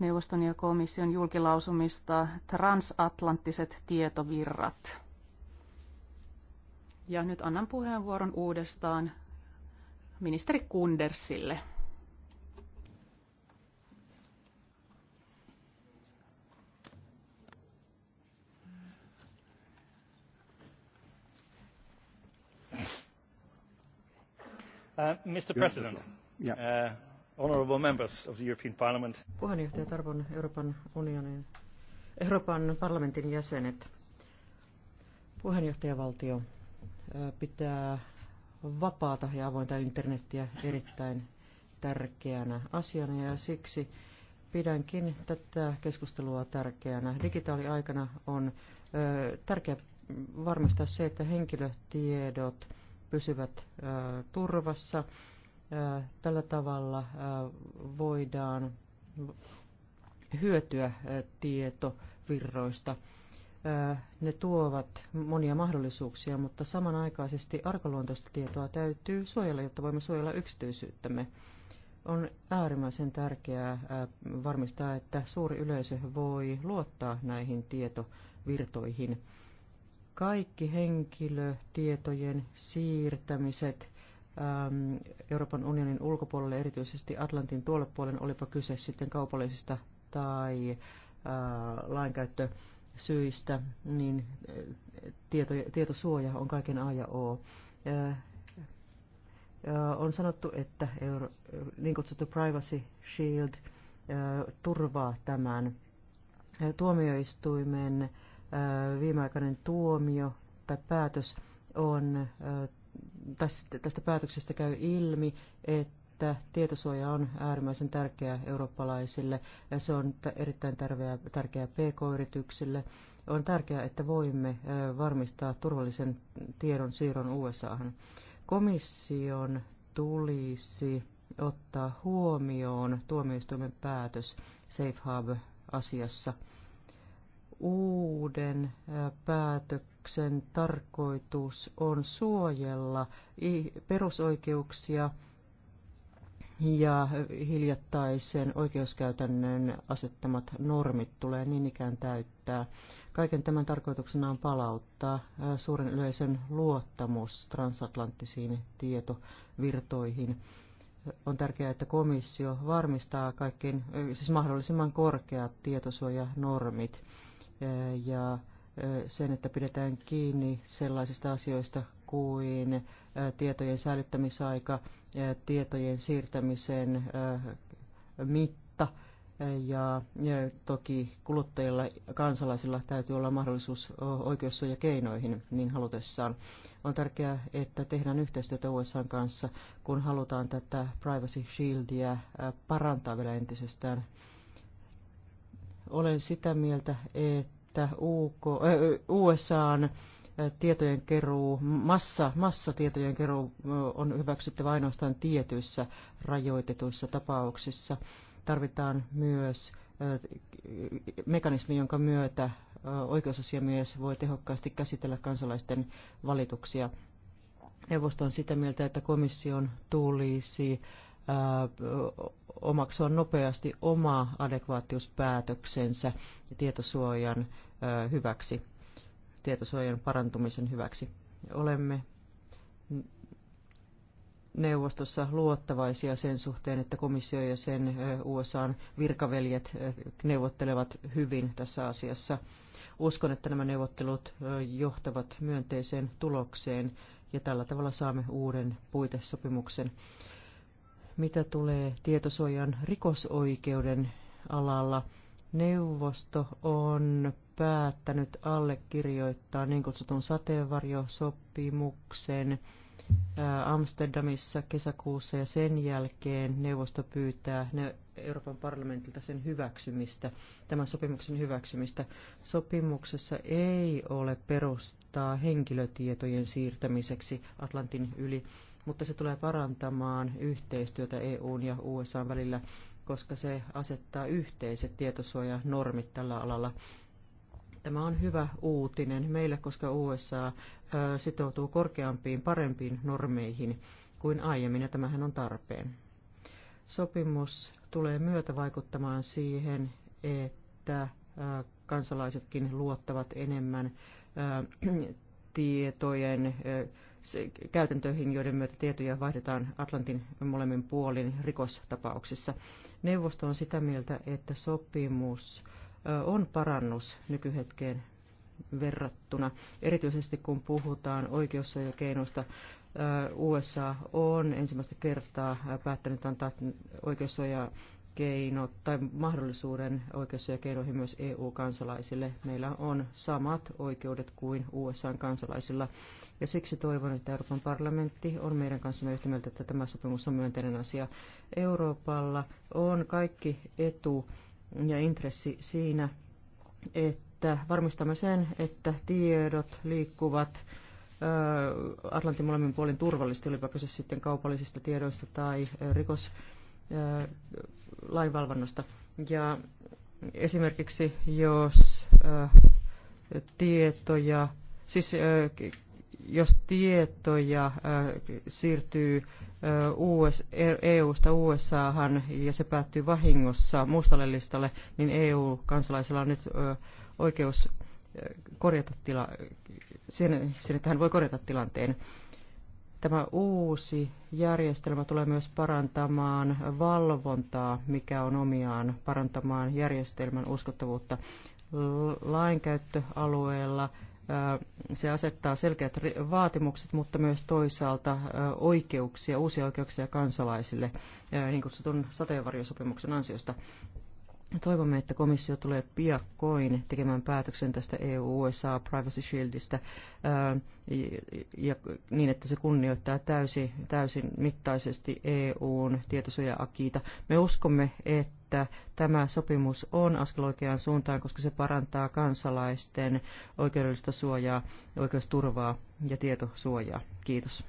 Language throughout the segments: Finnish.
neuvoston ja komission julkilausumista transatlanttiset tietovirrat. Ja nyt annan puheenvuoron uudestaan ministeri Kundersille. Uh, Mr. President, uh, honourable members of the European Parliament. arvon Euroopan unionin, Euroopan parlamentin jäsenet. Puheenjohtajavaltio pitää vapaata ja avointa internettiä erittäin tärkeänä asiana ja siksi pidänkin tätä keskustelua tärkeänä. Digitaaliaikana on tärkeää varmistaa se, että henkilötiedot pysyvät turvassa Tällä tavalla voidaan hyötyä tietovirroista. Ne tuovat monia mahdollisuuksia, mutta samanaikaisesti arkaluontoista tietoa täytyy suojella, jotta voimme suojella yksityisyyttämme. On äärimmäisen tärkeää varmistaa, että suuri yleisö voi luottaa näihin tietovirtoihin. Kaikki henkilötietojen siirtämiset Ähm, Euroopan unionin ulkopuolelle, erityisesti Atlantin tuolle puolen, olipa kyse sitten kaupallisista tai äh, lainkäyttösyistä, niin äh, tieto, tietosuoja on kaiken A ja O. Äh, on sanottu, että Euro, niin kutsuttu Privacy Shield turvaa tämän tuomioistuimen viimeaikainen tuomio tai päätös on tästä, tästä päätöksestä käy ilmi, että tietosuoja on äärimmäisen tärkeä eurooppalaisille. ja Se on erittäin tärkeä, tärkeä pk-yrityksille. On tärkeää, että voimme varmistaa turvallisen tiedon siirron USAhan. Komission tulisi ottaa huomioon tuomioistuimen päätös Safe hub asiassa Uuden päätöksen sopimuksen tarkoitus on suojella perusoikeuksia ja hiljattaisen oikeuskäytännön asettamat normit tulee niin ikään täyttää. Kaiken tämän tarkoituksena on palauttaa suuren yleisön luottamus transatlanttisiin tietovirtoihin. On tärkeää, että komissio varmistaa kaikkein, siis mahdollisimman korkeat tietosuojanormit ja sen, että pidetään kiinni sellaisista asioista kuin tietojen säilyttämisaika, tietojen siirtämisen mitta ja toki kuluttajilla, kansalaisilla täytyy olla mahdollisuus oikeussuojakeinoihin niin halutessaan. On tärkeää, että tehdään yhteistyötä USA kanssa, kun halutaan tätä Privacy Shieldia parantaa vielä entisestään. Olen sitä mieltä, että että UK, äh, USAn tietojen keruu, massa, massatietojen keruu on hyväksyttävä ainoastaan tietyissä rajoitetuissa tapauksissa. Tarvitaan myös mekanismi, jonka myötä oikeusasiamies voi tehokkaasti käsitellä kansalaisten valituksia. Neuvosto on sitä mieltä, että komission tulisi omaksua nopeasti oma adekvaattiuspäätöksensä tietosuojan hyväksi, tietosuojan parantumisen hyväksi. Olemme neuvostossa luottavaisia sen suhteen, että komissio ja sen USAn virkaveljet neuvottelevat hyvin tässä asiassa. Uskon, että nämä neuvottelut johtavat myönteiseen tulokseen ja tällä tavalla saamme uuden puitesopimuksen mitä tulee tietosuojan rikosoikeuden alalla, neuvosto on päättänyt allekirjoittaa niin kutsutun sateenvarjosopimuksen Amsterdamissa kesäkuussa ja sen jälkeen neuvosto pyytää Euroopan parlamentilta sen hyväksymistä, tämän sopimuksen hyväksymistä. Sopimuksessa ei ole perustaa henkilötietojen siirtämiseksi Atlantin yli mutta se tulee parantamaan yhteistyötä EUn ja USA välillä, koska se asettaa yhteiset tietosuojanormit tällä alalla. Tämä on hyvä uutinen meille, koska USA sitoutuu korkeampiin, parempiin normeihin kuin aiemmin, ja tämähän on tarpeen. Sopimus tulee myötä vaikuttamaan siihen, että kansalaisetkin luottavat enemmän tietojen käytäntöihin, joiden myötä tietoja vaihdetaan Atlantin molemmin puolin rikostapauksissa. Neuvosto on sitä mieltä, että sopimus on parannus nykyhetkeen verrattuna, erityisesti kun puhutaan keinoista. USA on ensimmäistä kertaa päättänyt antaa oikeussuojaa keinot tai mahdollisuuden oikeussuojakeinoihin myös EU-kansalaisille. Meillä on samat oikeudet kuin USA-kansalaisilla. Ja siksi toivon, että Euroopan parlamentti on meidän kanssamme yhtä mieltä, että tämä sopimus on myönteinen asia. Euroopalla on kaikki etu ja intressi siinä, että varmistamme sen, että tiedot liikkuvat Atlantin molemmin puolin turvallisesti, olipa kyse sitten kaupallisista tiedoista tai rikos lainvalvonnasta. Ja esimerkiksi jos tietoja, siis jos tietoja siirtyy US, EU-sta e USAhan ja se päättyy vahingossa mustalle listalle, niin EU-kansalaisella on nyt oikeus korjata tila, sen, sen, että hän voi korjata tilanteen. Tämä uusi järjestelmä tulee myös parantamaan valvontaa, mikä on omiaan parantamaan järjestelmän uskottavuutta lainkäyttöalueella. Äh, se asettaa selkeät vaatimukset, mutta myös toisaalta äh, oikeuksia, uusia oikeuksia kansalaisille äh, niin kutsutun sateenvarjosopimuksen ansiosta. Toivomme, että komissio tulee piakkoin tekemään päätöksen tästä EU-USA Privacy Shieldistä ää, ja, niin, että se kunnioittaa täysin, täysin mittaisesti EUn tietosuoja-akiita. Me uskomme, että tämä sopimus on askel oikeaan suuntaan, koska se parantaa kansalaisten oikeudellista suojaa, oikeusturvaa ja tietosuojaa. Kiitos.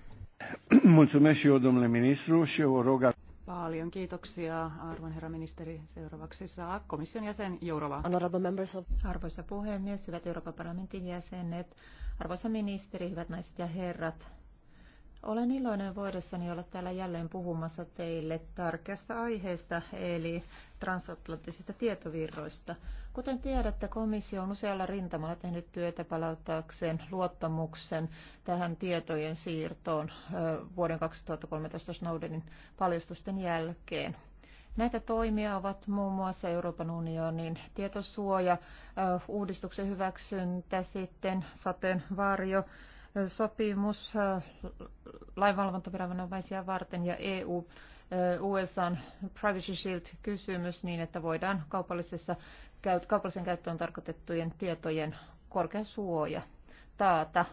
Mulțumesc și eu, domnule ministru, și eu rog Paljon kiitoksia, arvon herra ministeri. Seuraavaksi saa komission jäsen Jourova. Arvoisa puhemies, hyvät Euroopan parlamentin jäsenet, arvoisa ministeri, hyvät naiset ja herrat. Olen iloinen voidessani olla täällä jälleen puhumassa teille tärkeästä aiheesta, eli transatlanttisista tietovirroista. Kuten tiedätte, komissio on usealla rintamalla tehnyt työtä palauttaakseen luottamuksen tähän tietojen siirtoon vuoden 2013 Snowdenin paljastusten jälkeen. Näitä toimia ovat muun muassa Euroopan unionin tietosuoja, uudistuksen hyväksyntä, sitten sateenvarjo, sopimus lainvalvontaviranomaisia varten ja EU USAn Privacy Shield-kysymys niin, että voidaan kaupallisessa kaupallisen käyttöön tarkoitettujen tietojen korkea suoja taata.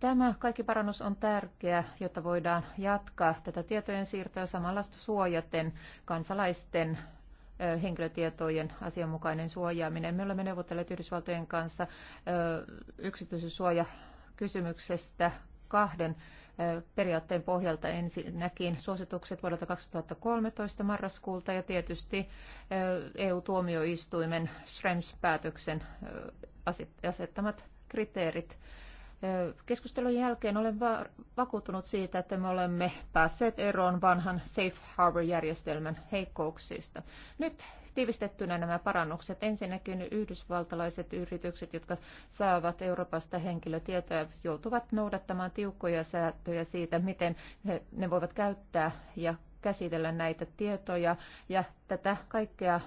Tämä kaikki parannus on tärkeä, jotta voidaan jatkaa tätä tietojen siirtoa samalla suojaten kansalaisten henkilötietojen asianmukainen suojaaminen. Me olemme neuvotelleet Yhdysvaltojen kanssa yksityisyysuoja kysymyksestä kahden periaatteen pohjalta ensinnäkin suositukset vuodelta 2013 marraskuulta ja tietysti EU-tuomioistuimen Schrems-päätöksen asettamat kriteerit. Keskustelun jälkeen olen vakuuttunut siitä, että me olemme päässeet eroon vanhan Safe Harbor-järjestelmän heikkouksista. Nyt tiivistettynä nämä parannukset. Ensinnäkin yhdysvaltalaiset yritykset, jotka saavat Euroopasta henkilötietoja, joutuvat noudattamaan tiukkoja säätöjä siitä, miten he, ne voivat käyttää ja käsitellä näitä tietoja. Ja tätä kaikkea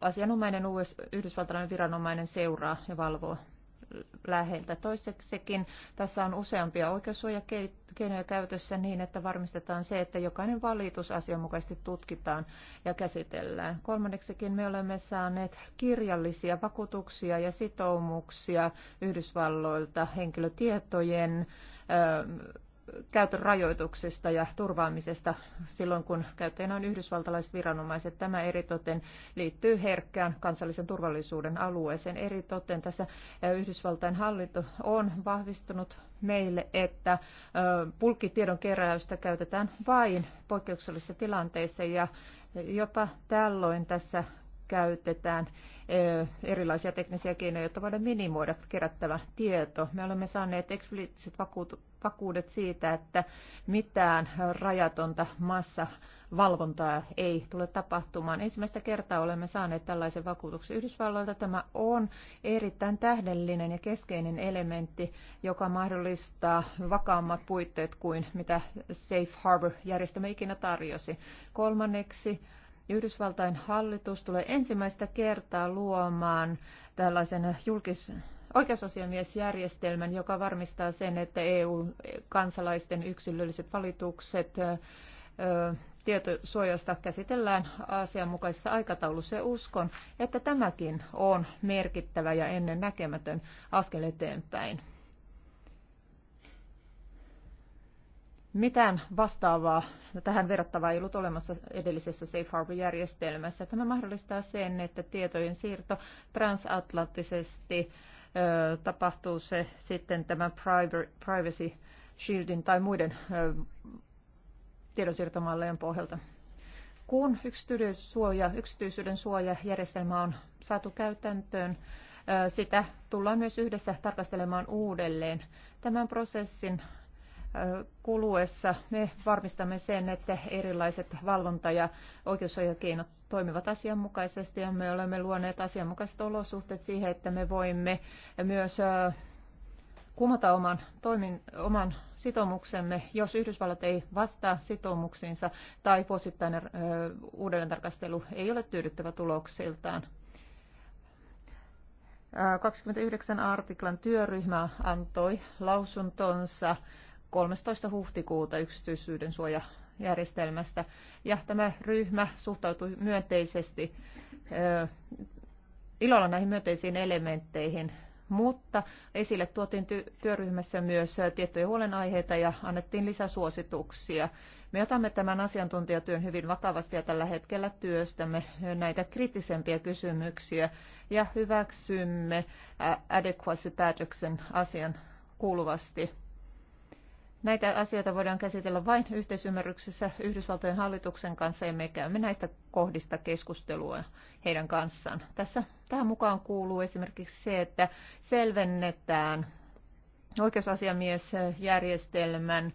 asianomainen US, yhdysvaltalainen viranomainen seuraa ja valvoo läheltä. Toiseksikin tässä on useampia oikeussuojakeinoja käytössä niin, että varmistetaan se, että jokainen valitus asianmukaisesti tutkitaan ja käsitellään. Kolmanneksikin me olemme saaneet kirjallisia vakuutuksia ja sitoumuksia Yhdysvalloilta henkilötietojen käytön rajoituksesta ja turvaamisesta silloin, kun käyttäjänä on yhdysvaltalaiset viranomaiset. Tämä eritoten liittyy herkkään kansallisen turvallisuuden alueeseen. Eritoten tässä Yhdysvaltain hallinto on vahvistunut meille, että pulkkitiedon keräystä käytetään vain poikkeuksellisissa tilanteissa ja jopa tällöin tässä käytetään eh, erilaisia teknisiä keinoja, jotta voidaan minimoida kerättävä tieto. Me olemme saaneet eksplisiittiset vakuudet siitä, että mitään rajatonta massavalvontaa ei tule tapahtumaan. Ensimmäistä kertaa olemme saaneet tällaisen vakuutuksen Yhdysvalloilta. Tämä on erittäin tähdellinen ja keskeinen elementti, joka mahdollistaa vakaammat puitteet kuin mitä Safe Harbor-järjestelmä ikinä tarjosi. Kolmanneksi Yhdysvaltain hallitus tulee ensimmäistä kertaa luomaan tällaisen julkis, oikeusasiamiesjärjestelmän, joka varmistaa sen, että EU-kansalaisten yksilölliset valitukset tietosuojasta käsitellään asianmukaisessa aikataulussa uskon, että tämäkin on merkittävä ja ennen näkemätön askel eteenpäin. Mitään vastaavaa tähän verrattavaa ei ollut olemassa edellisessä Safe Harbor-järjestelmässä. Tämä mahdollistaa sen, että tietojen siirto transatlanttisesti tapahtuu se sitten tämän Privacy Shieldin tai muiden tiedonsiirtomallejen pohjalta. Kun yksityisyyden suoja, yksityisyyden suojajärjestelmä on saatu käytäntöön, sitä tullaan myös yhdessä tarkastelemaan uudelleen. Tämän prosessin kuluessa me varmistamme sen, että erilaiset valvonta- ja oikeusohjakeinot toimivat asianmukaisesti ja me olemme luoneet asianmukaiset olosuhteet siihen, että me voimme myös kumota oman, toimin, oman sitoumuksemme, jos Yhdysvallat ei vastaa sitoumuksiinsa tai vuosittainen ö, uudelleentarkastelu ei ole tyydyttävä tuloksiltaan. 29 artiklan työryhmä antoi lausuntonsa 13. huhtikuuta yksityisyyden suojajärjestelmästä. Ja tämä ryhmä suhtautui myönteisesti ilolla näihin myönteisiin elementteihin, mutta esille tuotiin ty- työryhmässä myös tiettyjä huolenaiheita ja annettiin lisäsuosituksia. Me otamme tämän asiantuntijatyön hyvin vakavasti ja tällä hetkellä työstämme näitä kriittisempiä kysymyksiä ja hyväksymme adequacy-päätöksen asian kuuluvasti. Näitä asioita voidaan käsitellä vain yhteisymmärryksessä Yhdysvaltojen hallituksen kanssa ja me käymme näistä kohdista keskustelua heidän kanssaan. Tässä, tähän mukaan kuuluu esimerkiksi se, että selvennetään oikeusasiamiesjärjestelmän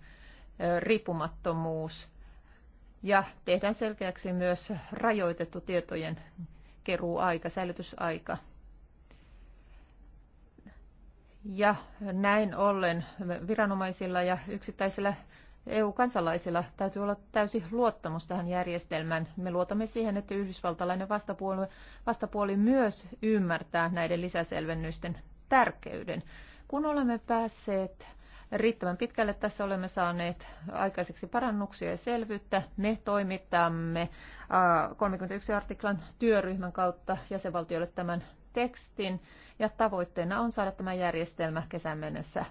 riippumattomuus ja tehdään selkeäksi myös rajoitettu tietojen keruuaika, säilytysaika – ja näin ollen viranomaisilla ja yksittäisillä EU-kansalaisilla täytyy olla täysi luottamus tähän järjestelmään. Me luotamme siihen, että yhdysvaltalainen vastapuoli, vastapuoli myös ymmärtää näiden lisäselvennysten tärkeyden. Kun olemme päässeet riittävän pitkälle tässä olemme saaneet aikaiseksi parannuksia ja selvyyttä. Me toimittamme 31 artiklan työryhmän kautta jäsenvaltioille tämän tekstin ja tavoitteena on saada tämä järjestelmä kesän mennessä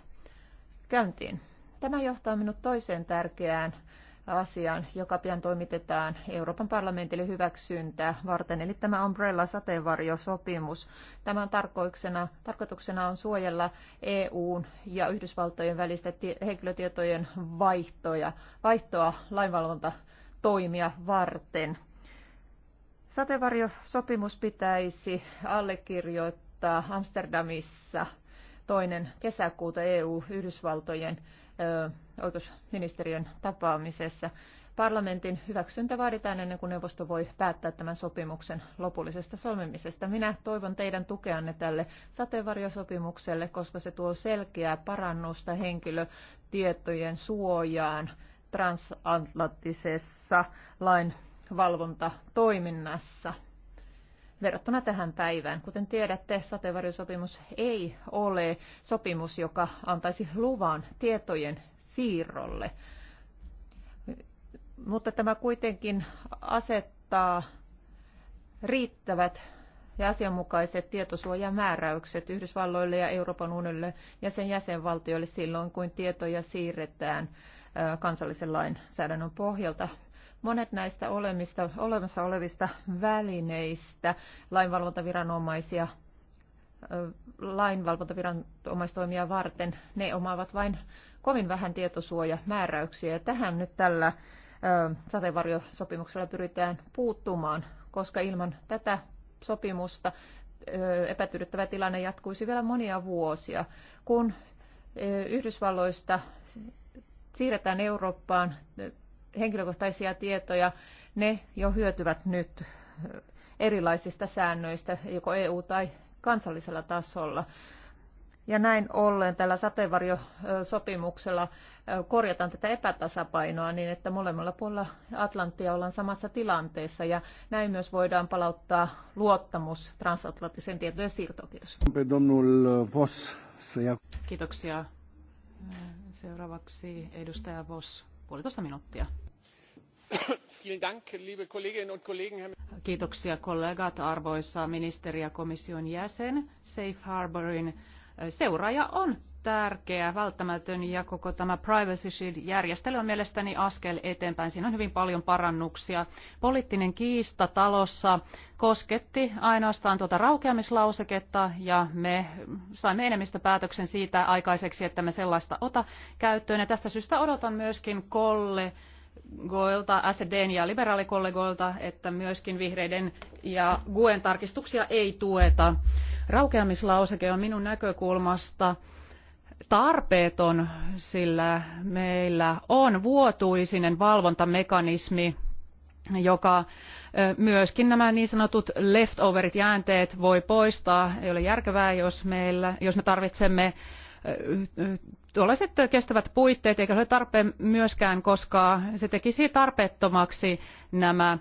käyntiin. Tämä johtaa minut toiseen tärkeään asiaan, joka pian toimitetaan Euroopan parlamentille hyväksyntää varten, eli tämä Umbrella-sateenvarjosopimus. Tämän tarkoituksena, tarkoituksena on suojella EUn ja Yhdysvaltojen välistä henkilötietojen vaihtoja, vaihtoa lainvalvonta toimia varten. Sateenvarjosopimus pitäisi allekirjoittaa Amsterdamissa toinen kesäkuuta EU-Yhdysvaltojen oikeusministeriön tapaamisessa. Parlamentin hyväksyntä vaaditaan ennen kuin neuvosto voi päättää tämän sopimuksen lopullisesta solmimisesta. Minä toivon teidän tukeanne tälle sateenvarjosopimukselle, koska se tuo selkeää parannusta henkilötietojen suojaan transatlanttisessa lain valvontatoiminnassa verrattuna tähän päivään. Kuten tiedätte, sateenvarjosopimus ei ole sopimus, joka antaisi luvan tietojen siirrolle. Mutta tämä kuitenkin asettaa riittävät ja asianmukaiset tietosuojamääräykset Yhdysvalloille ja Euroopan unionille ja sen jäsenvaltioille silloin, kun tietoja siirretään kansallisen lainsäädännön pohjalta Monet näistä olemista, olemassa olevista välineistä lainvalvontaviranomaisia lainvalvontaviranomaistoimia varten, ne omaavat vain kovin vähän tietosuojamääräyksiä. Ja tähän nyt tällä sateenvarjosopimuksella pyritään puuttumaan, koska ilman tätä sopimusta epätyydyttävä tilanne jatkuisi vielä monia vuosia. Kun Yhdysvalloista siirretään Eurooppaan henkilökohtaisia tietoja, ne jo hyötyvät nyt erilaisista säännöistä, joko EU- tai kansallisella tasolla. Ja näin ollen tällä sateenvarjosopimuksella korjataan tätä epätasapainoa niin, että molemmilla puolilla Atlanttia ollaan samassa tilanteessa ja näin myös voidaan palauttaa luottamus transatlanttisen tietojen siirtoon. Kiitos. Kiitoksia. Seuraavaksi edustaja Voss puolitoista minuuttia. Kiitoksia kollegat, arvoisa ministeri ja komission jäsen. Safe Harborin eh, seuraaja on tärkeä, välttämätön ja koko tämä Privacy Shield-järjestely on mielestäni askel eteenpäin. Siinä on hyvin paljon parannuksia. Poliittinen kiista talossa kosketti ainoastaan tuota raukeamislauseketta ja me saimme enemmistöpäätöksen siitä aikaiseksi, että me sellaista ota käyttöön. Ja tästä syystä odotan myöskin kolle Goilta, SDn ja liberaalikollegoilta, että myöskin vihreiden ja GUEn tarkistuksia ei tueta. Raukeamislauseke on minun näkökulmasta tarpeeton, sillä meillä on vuotuisinen valvontamekanismi, joka myöskin nämä niin sanotut leftoverit jäänteet voi poistaa. Ei ole järkevää, jos, meillä, jos me tarvitsemme tuollaiset kestävät puitteet, eikä ole tarpeen myöskään, koska se tekisi tarpeettomaksi nämä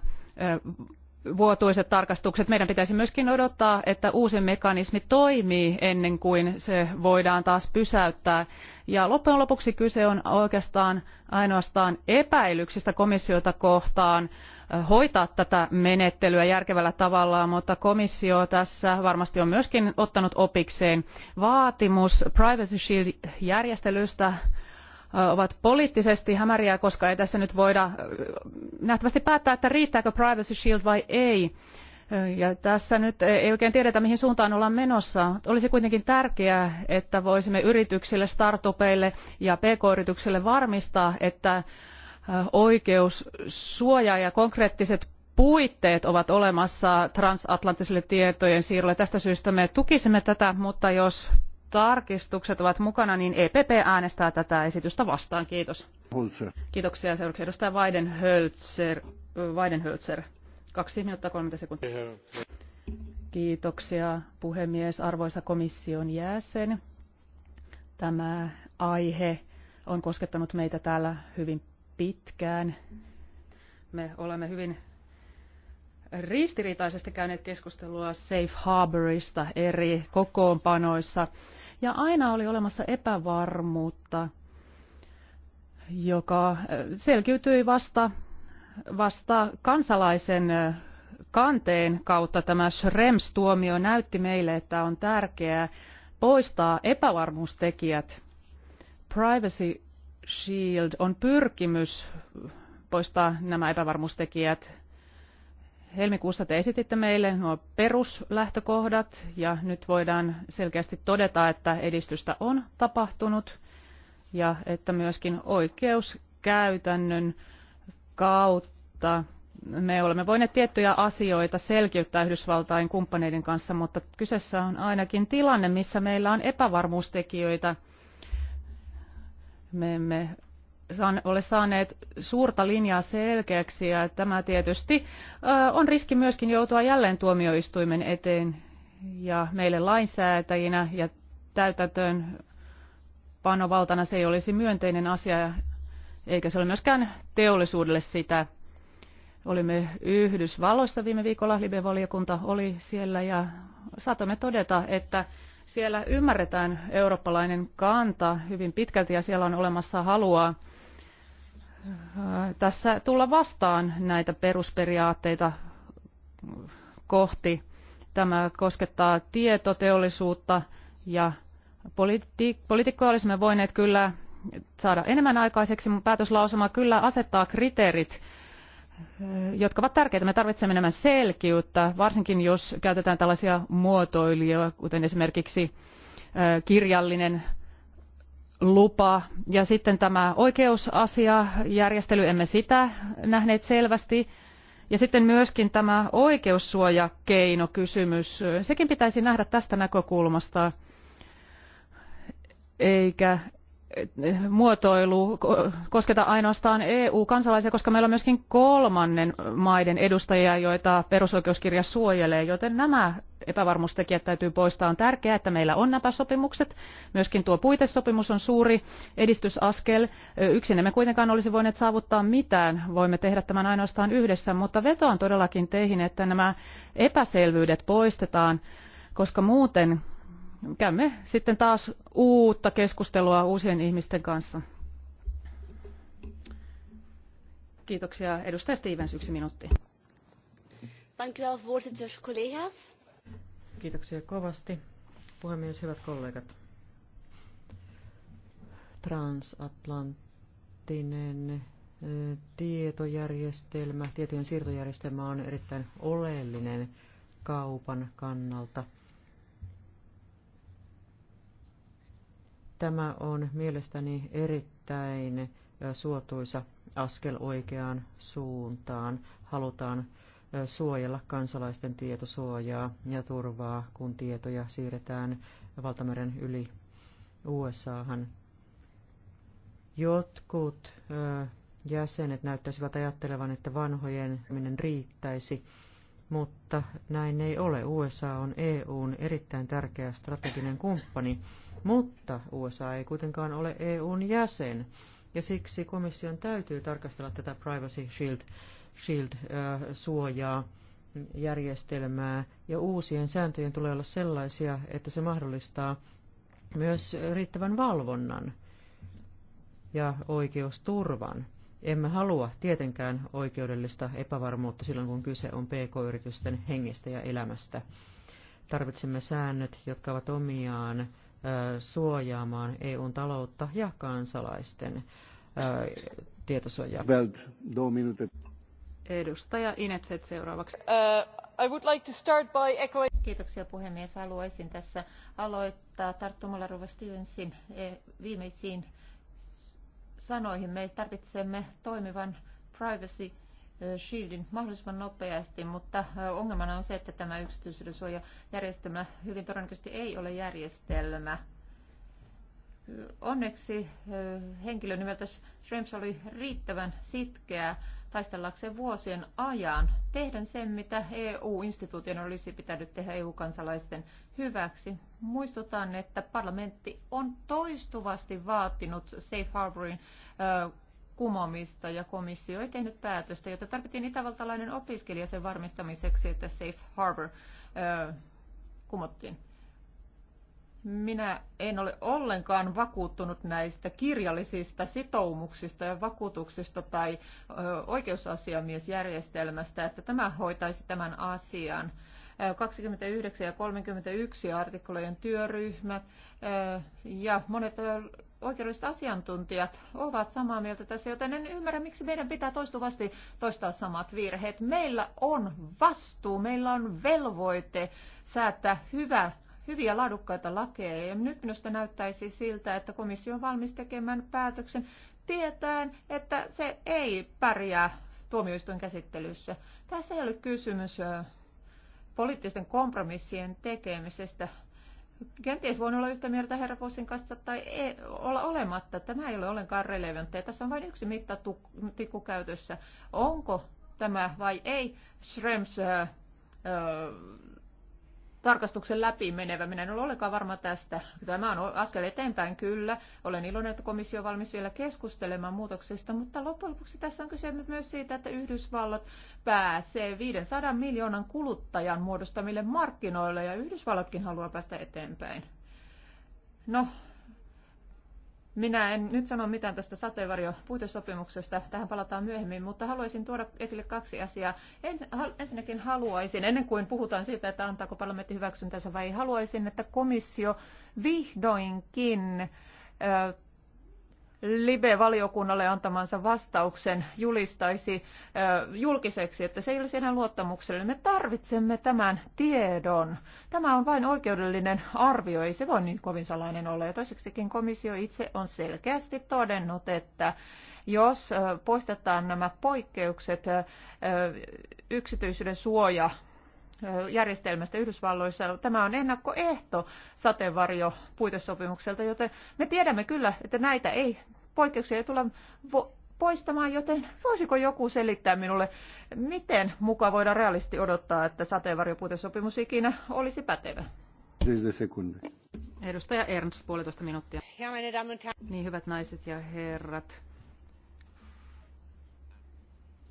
vuotuiset tarkastukset. Meidän pitäisi myöskin odottaa, että uusi mekanismi toimii ennen kuin se voidaan taas pysäyttää. Ja loppujen lopuksi kyse on oikeastaan ainoastaan epäilyksistä komissiota kohtaan eh, hoitaa tätä menettelyä järkevällä tavalla, mutta komissio tässä varmasti on myöskin ottanut opikseen. Vaatimus Privacy Shield-järjestelystä ovat poliittisesti hämäriä, koska ei tässä nyt voida nähtävästi päättää, että riittääkö Privacy Shield vai ei. Ja tässä nyt ei oikein tiedetä, mihin suuntaan ollaan menossa. Olisi kuitenkin tärkeää, että voisimme yrityksille, startupeille ja pk-yrityksille varmistaa, että oikeus, suoja ja konkreettiset puitteet ovat olemassa transatlanttisille tietojen siirrolle. Tästä syystä me tukisimme tätä, mutta jos tarkistukset ovat mukana, niin EPP äänestää tätä esitystä vastaan. Kiitos. Holzer. Kiitoksia. Seuraavaksi edustaja Weidenhölzer. Weidenhölzer. Kaksi minuuttia 30 sekuntia. Kiitoksia puhemies, arvoisa komission jäsen. Tämä aihe on koskettanut meitä täällä hyvin pitkään. Me olemme hyvin ristiriitaisesti käyneet keskustelua Safe Harborista eri kokoonpanoissa ja aina oli olemassa epävarmuutta, joka äh, selkiytyi vasta, vasta kansalaisen äh, kanteen kautta. Tämä Schrems-tuomio näytti meille, että on tärkeää poistaa epävarmuustekijät. Privacy Shield on pyrkimys poistaa nämä epävarmuustekijät helmikuussa te esititte meille nuo peruslähtökohdat ja nyt voidaan selkeästi todeta, että edistystä on tapahtunut ja että myöskin oikeuskäytännön kautta me olemme voineet tiettyjä asioita selkiyttää Yhdysvaltain kumppaneiden kanssa, mutta kyseessä on ainakin tilanne, missä meillä on epävarmuustekijöitä. Me emme ole saaneet suurta linjaa selkeäksi ja tämä tietysti on riski myöskin joutua jälleen tuomioistuimen eteen ja meille lainsäätäjinä ja täytäntöön panovaltana se ei olisi myönteinen asia eikä se ole myöskään teollisuudelle sitä. Olimme Yhdysvalloissa viime viikolla, Libe-valiokunta oli siellä ja saatamme todeta, että siellä ymmärretään eurooppalainen kanta hyvin pitkälti ja siellä on olemassa halua Äh, tässä tulla vastaan näitä perusperiaatteita kohti. Tämä koskettaa tietoteollisuutta ja politi- poliitikkoja olisimme voineet kyllä saada enemmän aikaiseksi, mutta päätöslausuma kyllä asettaa kriteerit, äh, jotka ovat tärkeitä. Me tarvitsemme enemmän selkiyttä, varsinkin jos käytetään tällaisia muotoilijoita, kuten esimerkiksi äh, kirjallinen lupa. Ja sitten tämä oikeusasiajärjestely, emme sitä nähneet selvästi. Ja sitten myöskin tämä oikeussuojakeinokysymys, sekin pitäisi nähdä tästä näkökulmasta, eikä muotoilu kosketa ainoastaan EU-kansalaisia, koska meillä on myöskin kolmannen maiden edustajia, joita perusoikeuskirja suojelee, joten nämä epävarmuustekijät täytyy poistaa. On tärkeää, että meillä on nämä sopimukset. Myöskin tuo puitesopimus on suuri edistysaskel. Yksin emme kuitenkaan olisi voineet saavuttaa mitään. Voimme tehdä tämän ainoastaan yhdessä, mutta vetoan todellakin teihin, että nämä epäselvyydet poistetaan, koska muuten käymme sitten taas uutta keskustelua uusien ihmisten kanssa. Kiitoksia. Edustaja Stevens, yksi minuutti. Kiitoksia kovasti. Puhemies, hyvät kollegat. Transatlanttinen tietojärjestelmä, tietojen siirtojärjestelmä on erittäin oleellinen kaupan kannalta – Tämä on mielestäni erittäin suotuisa askel oikeaan suuntaan. Halutaan suojella kansalaisten tietosuojaa ja turvaa, kun tietoja siirretään Valtameren yli USAhan. Jotkut jäsenet näyttäisivät ajattelevan, että vanhojen riittäisi, mutta näin ei ole. USA on EUn erittäin tärkeä strateginen kumppani mutta USA ei kuitenkaan ole EUn jäsen, ja siksi komission täytyy tarkastella tätä Privacy Shield, Shield-suojaa. järjestelmää ja uusien sääntöjen tulee olla sellaisia, että se mahdollistaa myös riittävän valvonnan ja oikeusturvan. Emme halua tietenkään oikeudellista epävarmuutta silloin, kun kyse on pk-yritysten hengestä ja elämästä. Tarvitsemme säännöt, jotka ovat omiaan suojaamaan EUn taloutta ja kansalaisten tietosuojaa. Edustaja Inetvet seuraavaksi. Uh, I would like to start by echoing... Kiitoksia puhemies. Haluaisin tässä aloittaa tarttumalla Rova Stevensin e, viimeisiin sanoihin. Me tarvitsemme toimivan privacy Shieldin mahdollisimman nopeasti, mutta ongelmana on se, että tämä yksityisyyden suojajärjestelmä hyvin todennäköisesti ei ole järjestelmä. Onneksi henkilö nimeltä Shrems oli riittävän sitkeä taistellakseen vuosien ajan tehden sen, mitä EU-instituution olisi pitänyt tehdä EU-kansalaisten hyväksi. Muistutan, että parlamentti on toistuvasti vaatinut Safe Harborin kumomista ja komissio ei tehnyt päätöstä, jota tarvittiin itävaltalainen opiskelija sen varmistamiseksi, että Safe Harbor öö, kumottiin. Minä en ole ollenkaan vakuuttunut näistä kirjallisista sitoumuksista ja vakuutuksista tai ö, oikeusasiamiesjärjestelmästä, että tämä hoitaisi tämän asian. 29 ja 31 artiklojen työryhmät ja monet oikeudelliset asiantuntijat ovat samaa mieltä tässä, joten en ymmärrä, miksi meidän pitää toistuvasti toistaa samat virheet. Meillä on vastuu, meillä on velvoite säätää hyvä hyviä laadukkaita lakeja. Ja nyt minusta näyttäisi siltä, että komissio on valmis tekemään päätöksen tietäen, että se ei pärjää tuomioistuin käsittelyssä. Tässä ei ole kysymys poliittisten kompromissien tekemisestä. Kenties voin olla yhtä mieltä herra Bussin kanssa tai ei, olla olematta. Tämä ei ole ollenkaan relevantteja. Tässä on vain yksi mittatikku käytössä. Onko tämä vai ei Schrems äh, äh, tarkastuksen läpi menevä. Minä en ole ollenkaan varma tästä. Tämä on askel eteenpäin kyllä. Olen iloinen, että komissio on valmis vielä keskustelemaan muutoksesta, mutta loppujen lopuksi tässä on kyse myös siitä, että Yhdysvallat pääsee 500 miljoonan kuluttajan muodostamille markkinoille ja Yhdysvallatkin haluaa päästä eteenpäin. No, minä en nyt sano mitään tästä sateenvarjopuitesopimuksesta, tähän palataan myöhemmin, mutta haluaisin tuoda esille kaksi asiaa. Ensinnäkin haluaisin, ennen kuin puhutaan siitä, että antaako parlamentti hyväksyntänsä vai ei, haluaisin, että komissio vihdoinkin Libe-valiokunnalle antamansa vastauksen julistaisi julkiseksi, että se ei olisi enää luottamukselle. Me tarvitsemme tämän tiedon. Tämä on vain oikeudellinen arvio, ei se voi niin kovin salainen olla. Ja toiseksikin komissio itse on selkeästi todennut, että jos poistetaan nämä poikkeukset yksityisyyden suoja järjestelmästä Yhdysvalloissa. Tämä on ennakkoehto sateenvarjo puitesopimukselta, joten me tiedämme kyllä, että näitä ei, poikkeuksia ei tule poistamaan, joten voisiko joku selittää minulle, miten mukaan voidaan realisti odottaa, että sateenvarjopuitesopimus ikinä olisi pätevä? Edustaja Ernst, puolitoista minuuttia. Niin, hyvät naiset ja herrat.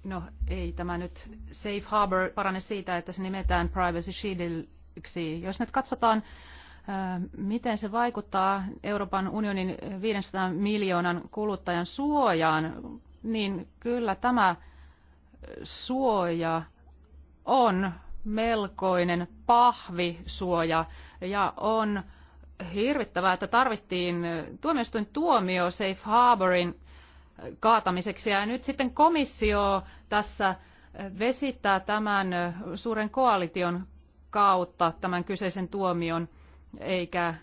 No ei tämä nyt Safe Harbor parane siitä, että se nimetään Privacy Shieldiksi. Jos nyt katsotaan, äh, miten se vaikuttaa Euroopan unionin 500 miljoonan kuluttajan suojaan, niin kyllä tämä suoja on melkoinen pahvisuoja ja on hirvittävää, että tarvittiin tuomioistuin tuomio Safe Harborin kaatamiseksi. Ja nyt sitten komissio tässä vesittää tämän suuren koalition kautta tämän kyseisen tuomion, eikä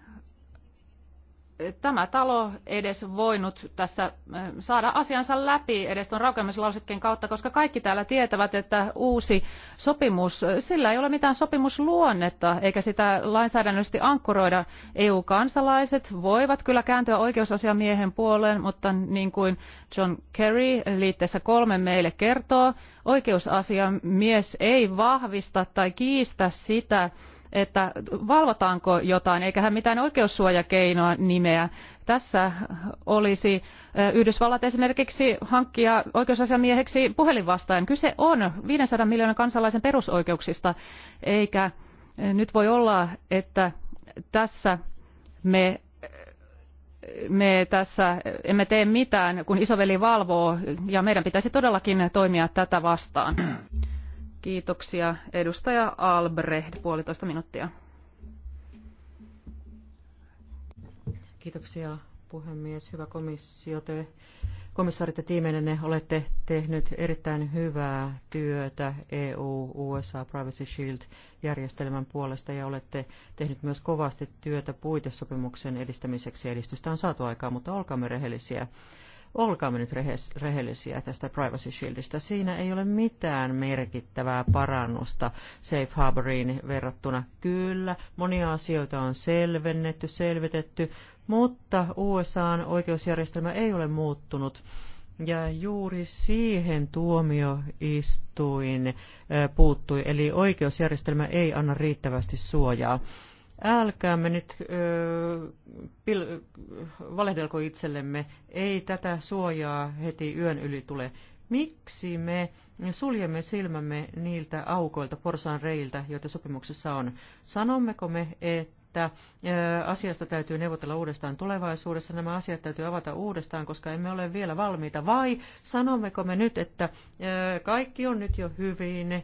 tämä talo edes voinut tässä saada asiansa läpi edes tuon raukeamislausekkeen kautta, koska kaikki täällä tietävät, että uusi sopimus, sillä ei ole mitään sopimusluonnetta, eikä sitä lainsäädännöllisesti ankkuroida. EU-kansalaiset voivat kyllä kääntyä oikeusasiamiehen puoleen, mutta niin kuin John Kerry liitteessä kolme meille kertoo, oikeusasiamies ei vahvista tai kiistä sitä, että valvotaanko jotain, eikä hän mitään oikeussuojakeinoa nimeä. Tässä olisi eh, Yhdysvallat esimerkiksi hankkia oikeusasiamieheksi puhelinvastaan. Kyse on 500 miljoonan kansalaisen perusoikeuksista, eikä eh, nyt voi olla, että tässä me eh, me tässä emme tee mitään, kun isoveli valvoo, ja meidän pitäisi todellakin toimia tätä vastaan. Kiitoksia. Edustaja Albrecht, puolitoista minuuttia. Kiitoksia puhemies. Hyvä komissio, te komissaarit ja tiimeinenne olette tehnyt erittäin hyvää työtä EU-USA Privacy Shield-järjestelmän puolesta ja olette tehnyt myös kovasti työtä puitesopimuksen edistämiseksi. Edistystä on saatu aikaa, mutta olkaamme rehellisiä. Olkaamme nyt rehellisiä tästä Privacy Shieldistä. Siinä ei ole mitään merkittävää parannusta Safe Harboriin verrattuna. Kyllä, monia asioita on selvennetty, selvitetty, mutta USAn oikeusjärjestelmä ei ole muuttunut. Ja juuri siihen tuomioistuin puuttui, eli oikeusjärjestelmä ei anna riittävästi suojaa. Älkäämme nyt öö, pil- valehdelko itsellemme, ei tätä suojaa heti yön yli tule. Miksi me suljemme silmämme niiltä aukoilta, porsaan reiltä, joita sopimuksessa on? Sanommeko me, että ö, asiasta täytyy neuvotella uudestaan tulevaisuudessa, nämä asiat täytyy avata uudestaan, koska emme ole vielä valmiita, vai sanommeko me nyt, että ö, kaikki on nyt jo hyvin,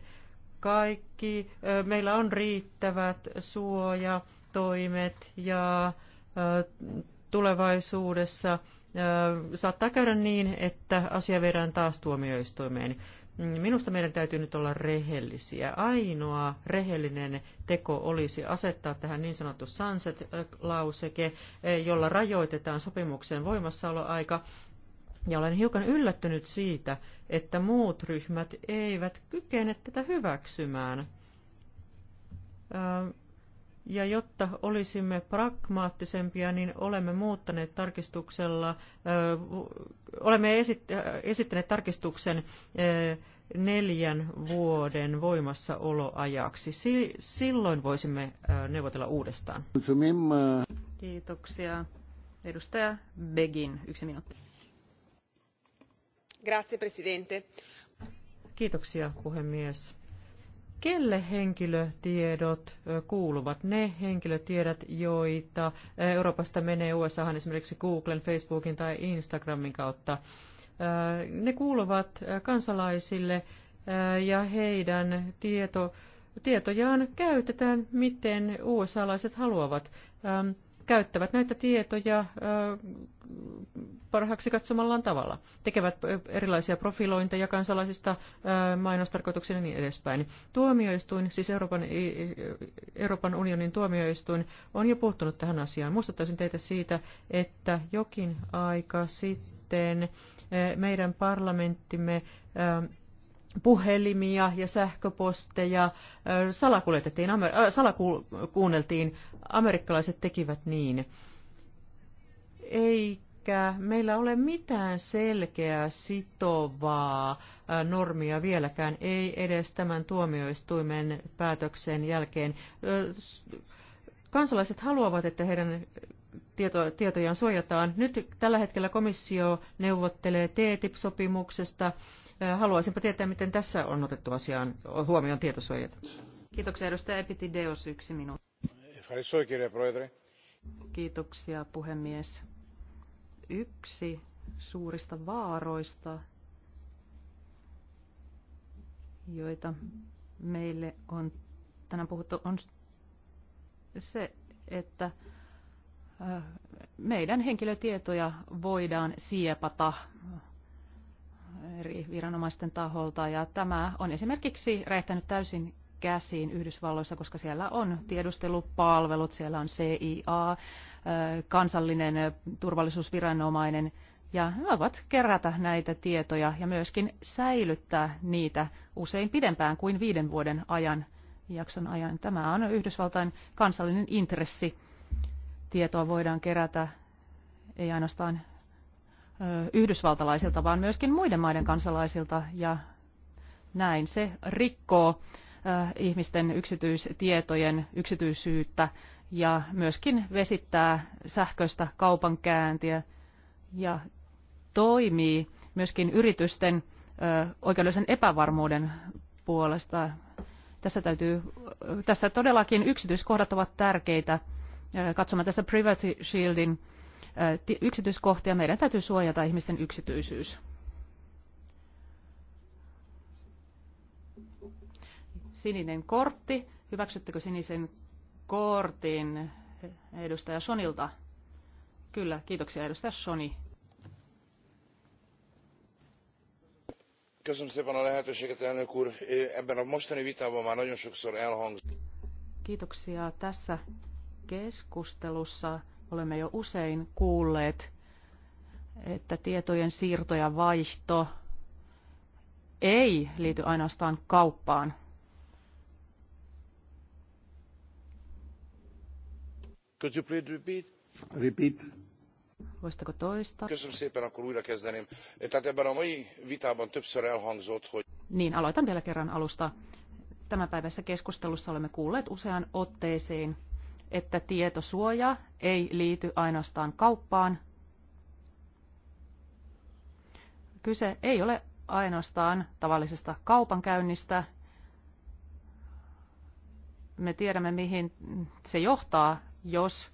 kaikki, meillä on riittävät suojatoimet ja tulevaisuudessa saattaa käydä niin, että asia viedään taas tuomioistuimeen. Mm, minusta meidän täytyy nyt olla rehellisiä. Ainoa rehellinen teko olisi asettaa tähän niin sanottu sunset-lauseke, e, jolla rajoitetaan sopimuksen voimassaoloaika ja olen hiukan yllättynyt siitä, että muut ryhmät eivät kykene tätä hyväksymään. Ja jotta olisimme pragmaattisempia, niin olemme muuttaneet tarkistuksella, olemme esittäneet tarkistuksen neljän vuoden voimassaoloajaksi. Silloin voisimme neuvotella uudestaan. Kiitoksia. Edustaja Begin, yksi minuutti Grazie, presidente. Kiitoksia, puhemies. Kelle henkilötiedot kuuluvat? Ne henkilötiedot, joita Euroopasta menee USAhan esimerkiksi Googlen, Facebookin tai Instagramin kautta. Ne kuuluvat kansalaisille ja heidän tieto, tietojaan käytetään, miten USA-laiset haluavat käyttävät näitä tietoja parhaaksi katsomallaan tavalla. Tekevät erilaisia profilointeja kansalaisista mainostarkoituksia ja niin edespäin. Tuomioistuin, siis Euroopan, Euroopan unionin tuomioistuin, on jo puuttunut tähän asiaan. Muistuttaisin teitä siitä, että jokin aika sitten meidän parlamenttimme puhelimia ja sähköposteja, salakuljetettiin, salakuunneltiin, amerikkalaiset tekivät niin. Eikä meillä ole mitään selkeää sitovaa normia vieläkään, ei edes tämän tuomioistuimen päätöksen jälkeen. Kansalaiset haluavat, että heidän tieto, tietojaan suojataan. Nyt tällä hetkellä komissio neuvottelee TTIP-sopimuksesta, e Haluaisinpa tietää, miten tässä on otettu asiaan huomioon tietosuojat. Kiitoksia edustaja Epitideos, yksi minuutti. Kiitoksia puhemies. Yksi suurista vaaroista, joita meille on tänään puhuttu, on se, että meidän henkilötietoja voidaan siepata eri viranomaisten taholta. Ja tämä on esimerkiksi räjähtänyt täysin käsiin Yhdysvalloissa, koska siellä on tiedustelupalvelut, siellä on CIA, kansallinen turvallisuusviranomainen, ja ovat kerätä näitä tietoja ja myöskin säilyttää niitä usein pidempään kuin viiden vuoden ajan jakson ajan. Tämä on Yhdysvaltain kansallinen intressi. Tietoa voidaan kerätä ei ainoastaan yhdysvaltalaisilta, vaan myöskin muiden maiden kansalaisilta ja näin se rikkoo ihmisten yksityistietojen yksityisyyttä ja myöskin vesittää sähköistä kaupankäyntiä ja toimii myöskin yritysten oikeudellisen epävarmuuden puolesta. Tässä, täytyy, tässä todellakin yksityiskohdat ovat tärkeitä. Katsomme tässä Privacy Shieldin yksityiskohtia. Meidän täytyy suojata ihmisten yksityisyys. Sininen kortti. Hyväksyttekö sinisen kortin edustaja Sonilta? Kyllä, kiitoksia edustaja Soni. Kiitoksia tässä keskustelussa Olemme jo usein kuulleet, että tietojen siirto ja vaihto ei liity ainoastaan kauppaan. Could you please repeat? Repeat. Voisitteko toista? Köszönöm szépen, akkor újra kezdeném. Tehát ebben a mai vitában többször elhangzott, hogy... Niin, aloitan vielä kerran alusta. päivässä keskustelussa olemme kuulleet usean otteeseen, että tietosuoja ei liity ainoastaan kauppaan. Kyse ei ole ainoastaan tavallisesta kaupankäynnistä. Me tiedämme, mihin se johtaa, jos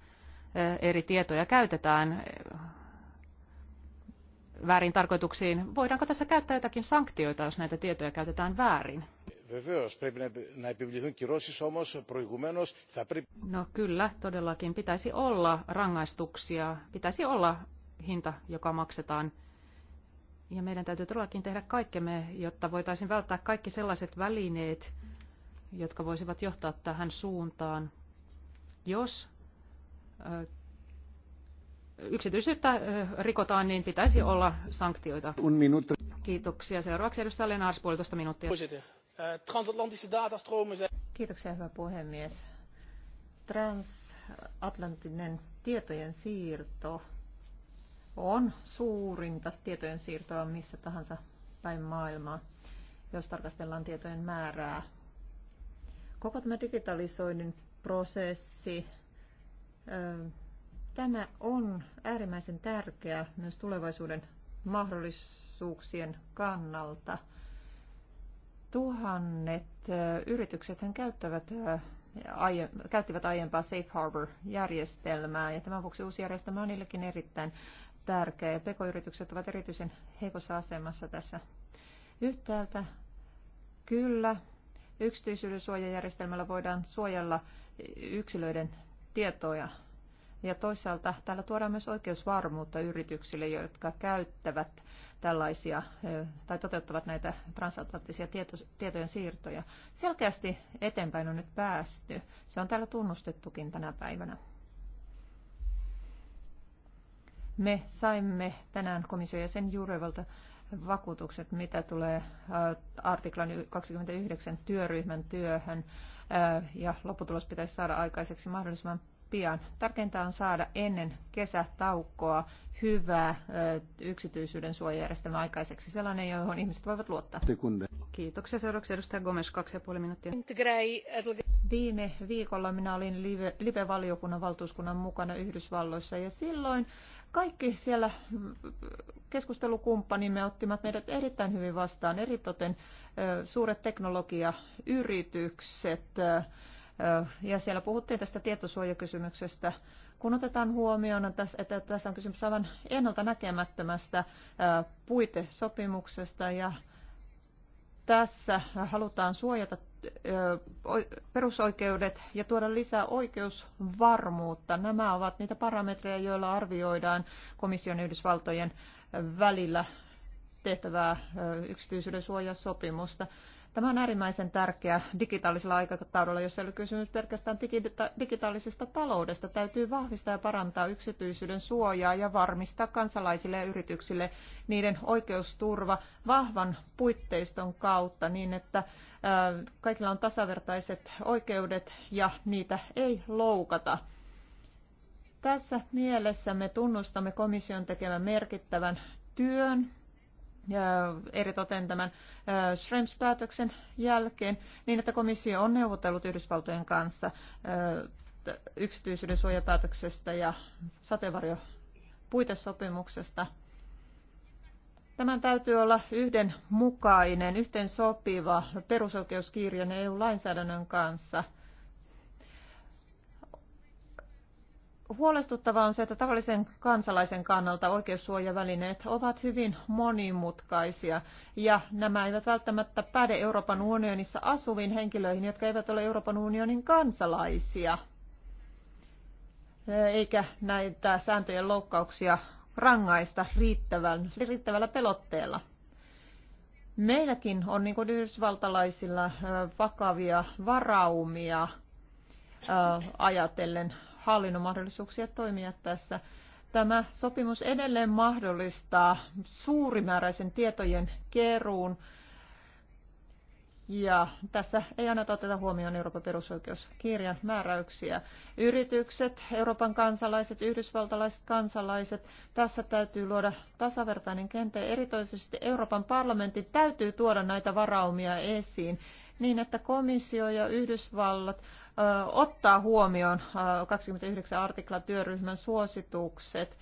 eh, eri tietoja käytetään väärin tarkoituksiin. Voidaanko tässä käyttää jotakin sanktioita, jos näitä tietoja käytetään väärin? No kyllä, todellakin pitäisi olla rangaistuksia, pitäisi olla hinta, joka maksetaan. Ja meidän täytyy todellakin tehdä kaikkemme, jotta voitaisiin välttää kaikki sellaiset välineet, jotka voisivat johtaa tähän suuntaan. Jos yksityisyyttä rikotaan, niin pitäisi olla sanktioita. Kiitoksia. Seuraavaksi edustaja Lenars, puolitoista minuuttia. Eh, Transatlanttiset datastroomit. Kiitoksia, hyvä puhemies. Transatlanttinen tietojen siirto on suurinta tietojen siirtoa missä tahansa päin maailmaa, jos tarkastellaan tietojen määrää. Koko tämä digitalisoinnin prosessi Tämä on äärimmäisen tärkeää myös tulevaisuuden mahdollisuuksien kannalta. Tuhannet yritykset käyttävät aie, käyttivät aiempaa Safe Harbor-järjestelmää, ja tämän vuoksi uusi järjestelmä on niillekin erittäin tärkeä, Pekoyritykset ovat erityisen heikossa asemassa tässä yhtäältä. Kyllä, yksityisyyden suojajärjestelmällä voidaan suojella yksilöiden tietoja ja toisaalta täällä tuodaan myös oikeusvarmuutta yrityksille, jotka käyttävät tällaisia tai toteuttavat näitä transatlanttisia tieto, tietojen siirtoja. Selkeästi eteenpäin on nyt päästy. Se on täällä tunnustettukin tänä päivänä. Me saimme tänään komission jäsen Jurevalta vakuutukset, mitä tulee artiklan 29 työryhmän työhön, ja lopputulos pitäisi saada aikaiseksi mahdollisimman pian. Tärkeintä on saada ennen kesätaukkoa hyvä yksityisyyden suojajärjestelmä aikaiseksi, sellainen, johon ihmiset voivat luottaa. Sekunde. Kiitoksia. Seuraavaksi edustaja Gomes, kaksi ja puoli minuuttia. Viime viikolla minä olin live-valiokunnan valtuuskunnan mukana Yhdysvalloissa ja silloin kaikki siellä mm, keskustelukumppanimme ottivat meidät erittäin hyvin vastaan, eritoten suuret teknologiayritykset, ja siellä puhuttiin tästä tietosuojakysymyksestä. Kun otetaan huomioon, että tässä on kysymys aivan ennalta näkemättömästä puitesopimuksesta ja tässä halutaan suojata perusoikeudet ja tuoda lisää oikeusvarmuutta. Nämä ovat niitä parametreja, joilla arvioidaan komission ja Yhdysvaltojen välillä tehtävää yksityisyyden suojasopimusta. Tämä on äärimmäisen tärkeä digitaalisella aikataululla, jossa ei ole kysymys pelkästään digita- digitaalisesta taloudesta. Täytyy vahvistaa ja parantaa yksityisyyden suojaa ja varmistaa kansalaisille ja yrityksille niiden oikeusturva vahvan puitteiston kautta niin, että kaikilla on tasavertaiset oikeudet ja niitä ei loukata. Tässä mielessä me tunnustamme komission tekemän merkittävän työn eritoten tämän Schrems-päätöksen jälkeen, niin että komissio on neuvotellut Yhdysvaltojen kanssa yksityisyyden suojapäätöksestä ja sateenvarjopuitesopimuksesta. Tämän täytyy olla yhdenmukainen, sopiva perusoikeuskirjan EU-lainsäädännön kanssa – Huolestuttavaa on se, että tavallisen kansalaisen kannalta oikeussuojavälineet ovat hyvin monimutkaisia ja nämä eivät välttämättä päde Euroopan unionissa asuviin henkilöihin, jotka eivät ole Euroopan unionin kansalaisia. Eikä näitä sääntöjen loukkauksia rangaista riittävän, riittävällä pelotteella. Meilläkin on niin kuin yhdysvaltalaisilla vakavia varaumia ajatellen hallinnon mahdollisuuksia toimia tässä. Tämä sopimus edelleen mahdollistaa suurimääräisen tietojen keruun ja tässä ei anneta oteta huomioon Euroopan perusoikeuskirjan määräyksiä. Yritykset, Euroopan kansalaiset, yhdysvaltalaiset kansalaiset, tässä täytyy luoda tasavertainen kenttä. Erityisesti Euroopan parlamentin täytyy tuoda näitä varaumia esiin niin, että komissio ja Yhdysvallat ottaa huomioon 29 artiklan työryhmän suositukset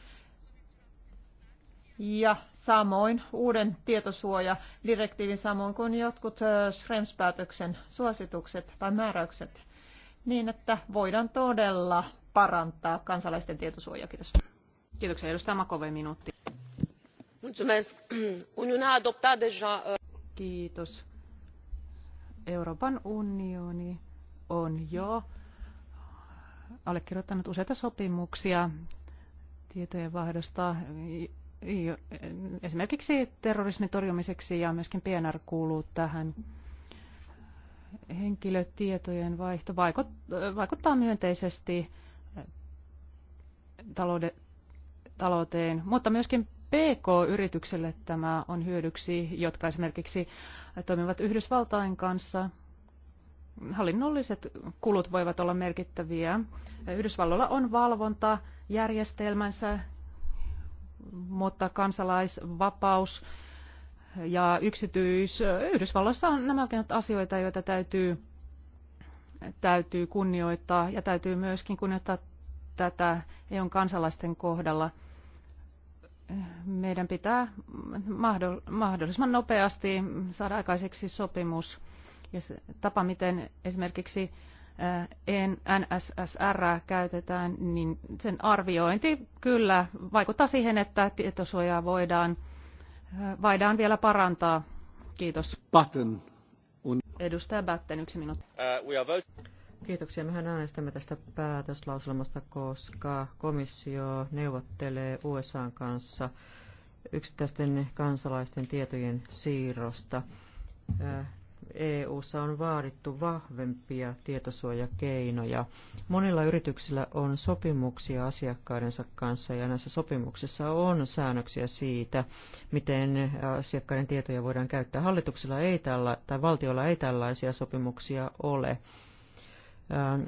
ja samoin uuden tietosuojadirektiivin samoin kuin jotkut Schrems-päätöksen suositukset tai määräykset niin, että voidaan todella parantaa kansalaisten tietosuojaa. Kiitos. Kiitoksia. Edustaja Makove, minuutti. Kiitos. Euroopan unioni on jo allekirjoittanut useita sopimuksia tietojen vaihdosta esimerkiksi terrorismin torjumiseksi ja myöskin PNR kuuluu tähän. Henkilötietojen vaihto vaikuttaa myönteisesti talouteen, mutta myöskin PK-yritykselle tämä on hyödyksi, jotka esimerkiksi toimivat Yhdysvaltain kanssa. Hallinnolliset kulut voivat olla merkittäviä. Yhdysvalloilla on valvonta järjestelmänsä, mutta kansalaisvapaus ja yksityis. Yhdysvalloissa on nämä asioita, joita täytyy, täytyy kunnioittaa ja täytyy myöskin kunnioittaa tätä EUn kansalaisten kohdalla – meidän pitää mahdollisimman nopeasti saada aikaiseksi sopimus ja se tapa, miten esimerkiksi NSSR käytetään, niin sen arviointi kyllä vaikuttaa siihen, että tietosuojaa voidaan, voidaan vielä parantaa. Kiitos. Button. Edustaja Batten, yksi minuutti. Uh, Kiitoksia. Mehän äänestämme tästä päätöslauselmasta, koska komissio neuvottelee USAn kanssa yksittäisten kansalaisten tietojen siirrosta. EU:ssa on vaadittu vahvempia tietosuojakeinoja. Monilla yrityksillä on sopimuksia asiakkaidensa kanssa ja näissä sopimuksissa on säännöksiä siitä, miten asiakkaiden tietoja voidaan käyttää. Hallituksilla ei tällä, tai valtiolla ei tällaisia sopimuksia ole. Ähm,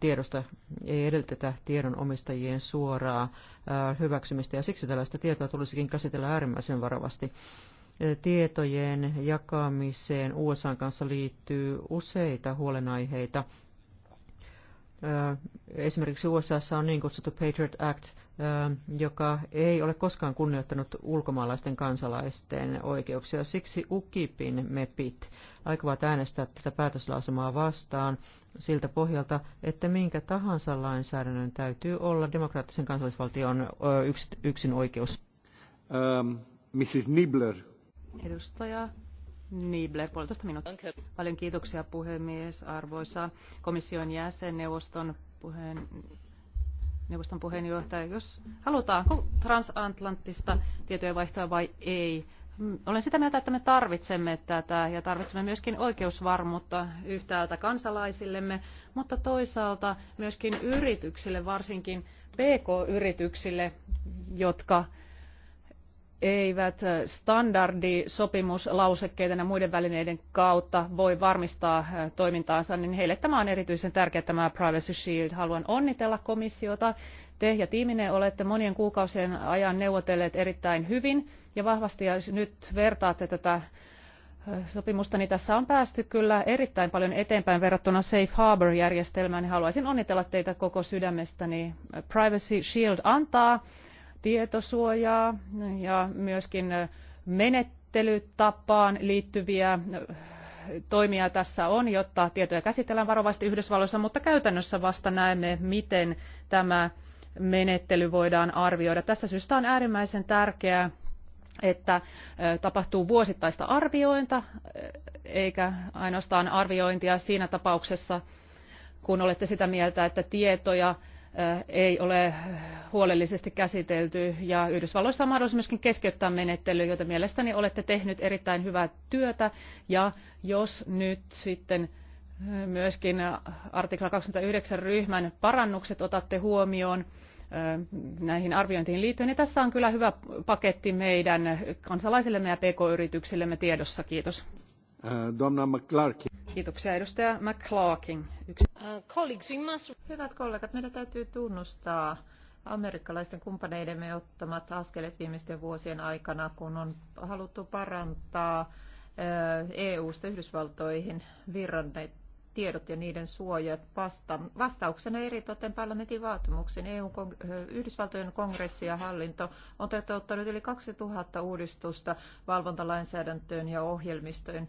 tiedosta ei edellytetä tiedon omistajien suoraa äh, hyväksymistä, ja siksi tällaista tietoa tulisikin käsitellä äärimmäisen varovasti. Äh, tietojen jakamiseen USA kanssa liittyy useita huolenaiheita, Esimerkiksi USA on niin kutsuttu Patriot Act, joka ei ole koskaan kunnioittanut ulkomaalaisten kansalaisten oikeuksia. Siksi UKIPin MEPit aikovat äänestää tätä päätöslausumaa vastaan siltä pohjalta, että minkä tahansa lainsäädännön täytyy olla demokraattisen kansallisvaltion yksin oikeus. Um, ähm, Mrs. Nibbler. Edustaja Niebler, puolitoista minuuttia. Paljon kiitoksia puhemies, arvoisa komission jäsen, neuvoston, puheen, neuvoston puheenjohtaja. Jos halutaanko transatlanttista tietojenvaihtoa vai ei, olen sitä mieltä, että me tarvitsemme tätä ja tarvitsemme myöskin oikeusvarmuutta yhtäältä kansalaisillemme, mutta toisaalta myöskin yrityksille, varsinkin PK-yrityksille, jotka eivät äh, standardisopimuslausekkeiden ja muiden välineiden kautta voi varmistaa äh, toimintaansa, niin heille tämä on erityisen tärkeä tämä Privacy Shield. Haluan onnitella komissiota. Te ja tiimine olette monien kuukausien ajan neuvotelleet erittäin hyvin ja vahvasti, ja nyt vertaatte tätä äh, sopimusta, niin tässä on päästy kyllä erittäin paljon eteenpäin verrattuna Safe Harbor-järjestelmään. Haluaisin onnitella teitä koko sydämestäni. Privacy Shield antaa tietosuojaa ja myöskin menettelytapaan liittyviä äh, toimia tässä on, jotta tietoja käsitellään varovasti Yhdysvalloissa, mutta käytännössä vasta näemme, miten tämä menettely voidaan arvioida. Tästä syystä on äärimmäisen tärkeää, että äh, tapahtuu vuosittaista arviointa, äh, eikä ainoastaan arviointia siinä tapauksessa, kun olette sitä mieltä, että tietoja ei ole huolellisesti käsitelty ja Yhdysvalloissa on mahdollisuus myöskin keskeyttää menettely, joten mielestäni olette tehnyt erittäin hyvää työtä ja jos nyt sitten myöskin artikla 29 ryhmän parannukset otatte huomioon näihin arviointiin liittyen, niin tässä on kyllä hyvä paketti meidän kansalaisillemme ja pk-yrityksillemme tiedossa. Kiitos. Eh, Donna McClarkin. Kiitoksia edustaja McClarkin. Yksi... Uh, Hyvät kollegat, meidän täytyy tunnustaa amerikkalaisten kumppaneidemme ottamat askeleet viimeisten vuosien aikana, kun on haluttu parantaa EU-sta eh, e Yhdysvaltoihin virranneet tiedot ja niiden suojat vasta- vastauksena toten parlamentin vaatimuksiin. EU Yhdysvaltojen kongressi ja hallinto on toteuttanut yli 2000 uudistusta valvontalainsäädäntöön ja ohjelmistojen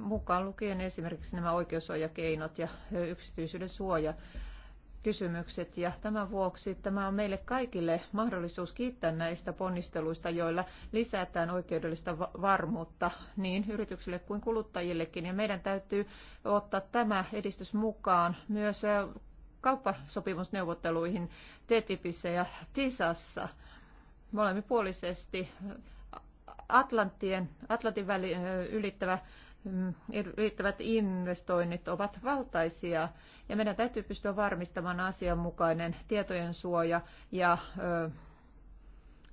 mukaan lukien esimerkiksi nämä oikeusojakeinot ja yksityisyyden suoja kysymykset ja tämän vuoksi tämä on meille kaikille mahdollisuus kiittää näistä ponnisteluista, joilla lisätään oikeudellista varmuutta niin yrityksille kuin kuluttajillekin ja meidän täytyy ottaa tämä edistys mukaan myös kauppasopimusneuvotteluihin TTIPissä ja TISassa molemminpuolisesti Atlantien, Atlantin väli, ylittävä Mm, riittävät investoinnit ovat valtaisia ja meidän täytyy pystyä varmistamaan asianmukainen tietojen suoja ja,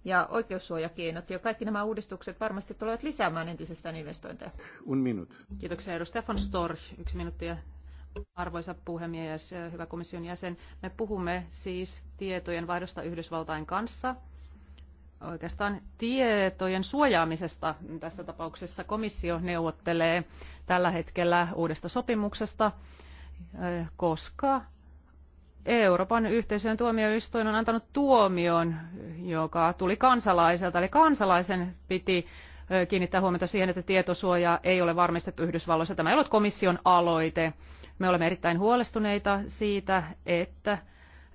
ja oikeussuojakeinot. Ja kaikki nämä uudistukset varmasti tulevat lisäämään entisestään investointeja. Un minut. Kiitoksia edustaja von Storch. Yksi minuutti ja Arvoisa puhemies, hyvä komission jäsen, me puhumme siis tietojen vaihdosta Yhdysvaltain kanssa – oikeastaan tietojen suojaamisesta tässä tapauksessa komissio neuvottelee tällä hetkellä uudesta sopimuksesta, eh, koska Euroopan yhteisöjen tuomioistuin on antanut tuomion, joka tuli kansalaiselta. Eli kansalaisen piti eh, kiinnittää huomiota siihen, että tietosuojaa ei ole varmistettu Yhdysvalloissa. Tämä ei ollut komission aloite. Me olemme erittäin huolestuneita siitä, että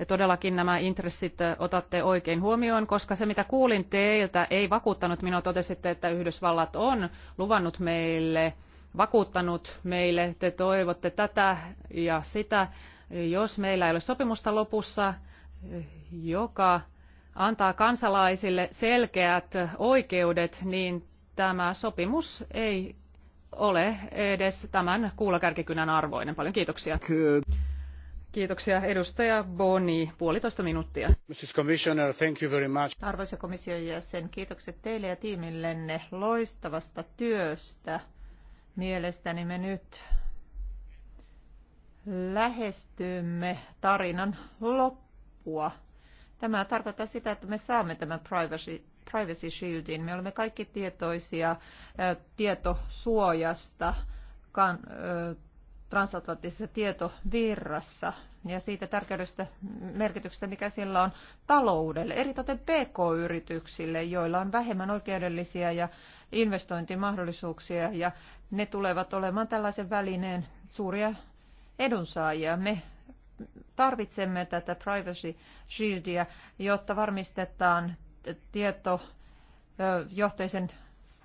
todellakin nämä intressit otatte oikein huomioon, koska se mitä kuulin teiltä ei vakuuttanut minua. Totesitte, että Yhdysvallat on luvannut meille, vakuuttanut meille, te toivotte tätä ja sitä. Jos meillä ei ole sopimusta lopussa, joka antaa kansalaisille selkeät oikeudet, niin tämä sopimus ei ole edes tämän kuulakärkikynän arvoinen. Paljon kiitoksia. Kiitoksia edustaja Boni, puolitoista minuuttia. Commissioner, thank you very much. Arvoisa komission jäsen, kiitokset teille ja tiimillenne loistavasta työstä. Mielestäni me nyt lähestymme tarinan loppua. Tämä tarkoittaa sitä, että me saamme tämän privacy, privacy shieldin. Me olemme kaikki tietoisia ä, tietosuojasta kan, ä, transatlanttisessa tietovirrassa ja siitä tärkeydestä merkityksestä, mikä sillä on taloudelle, eritoten pk-yrityksille, joilla on vähemmän oikeudellisia ja investointimahdollisuuksia ja ne tulevat olemaan tällaisen välineen suuria edunsaajia. Me tarvitsemme tätä privacy shieldia, jotta varmistetaan tietojohteisen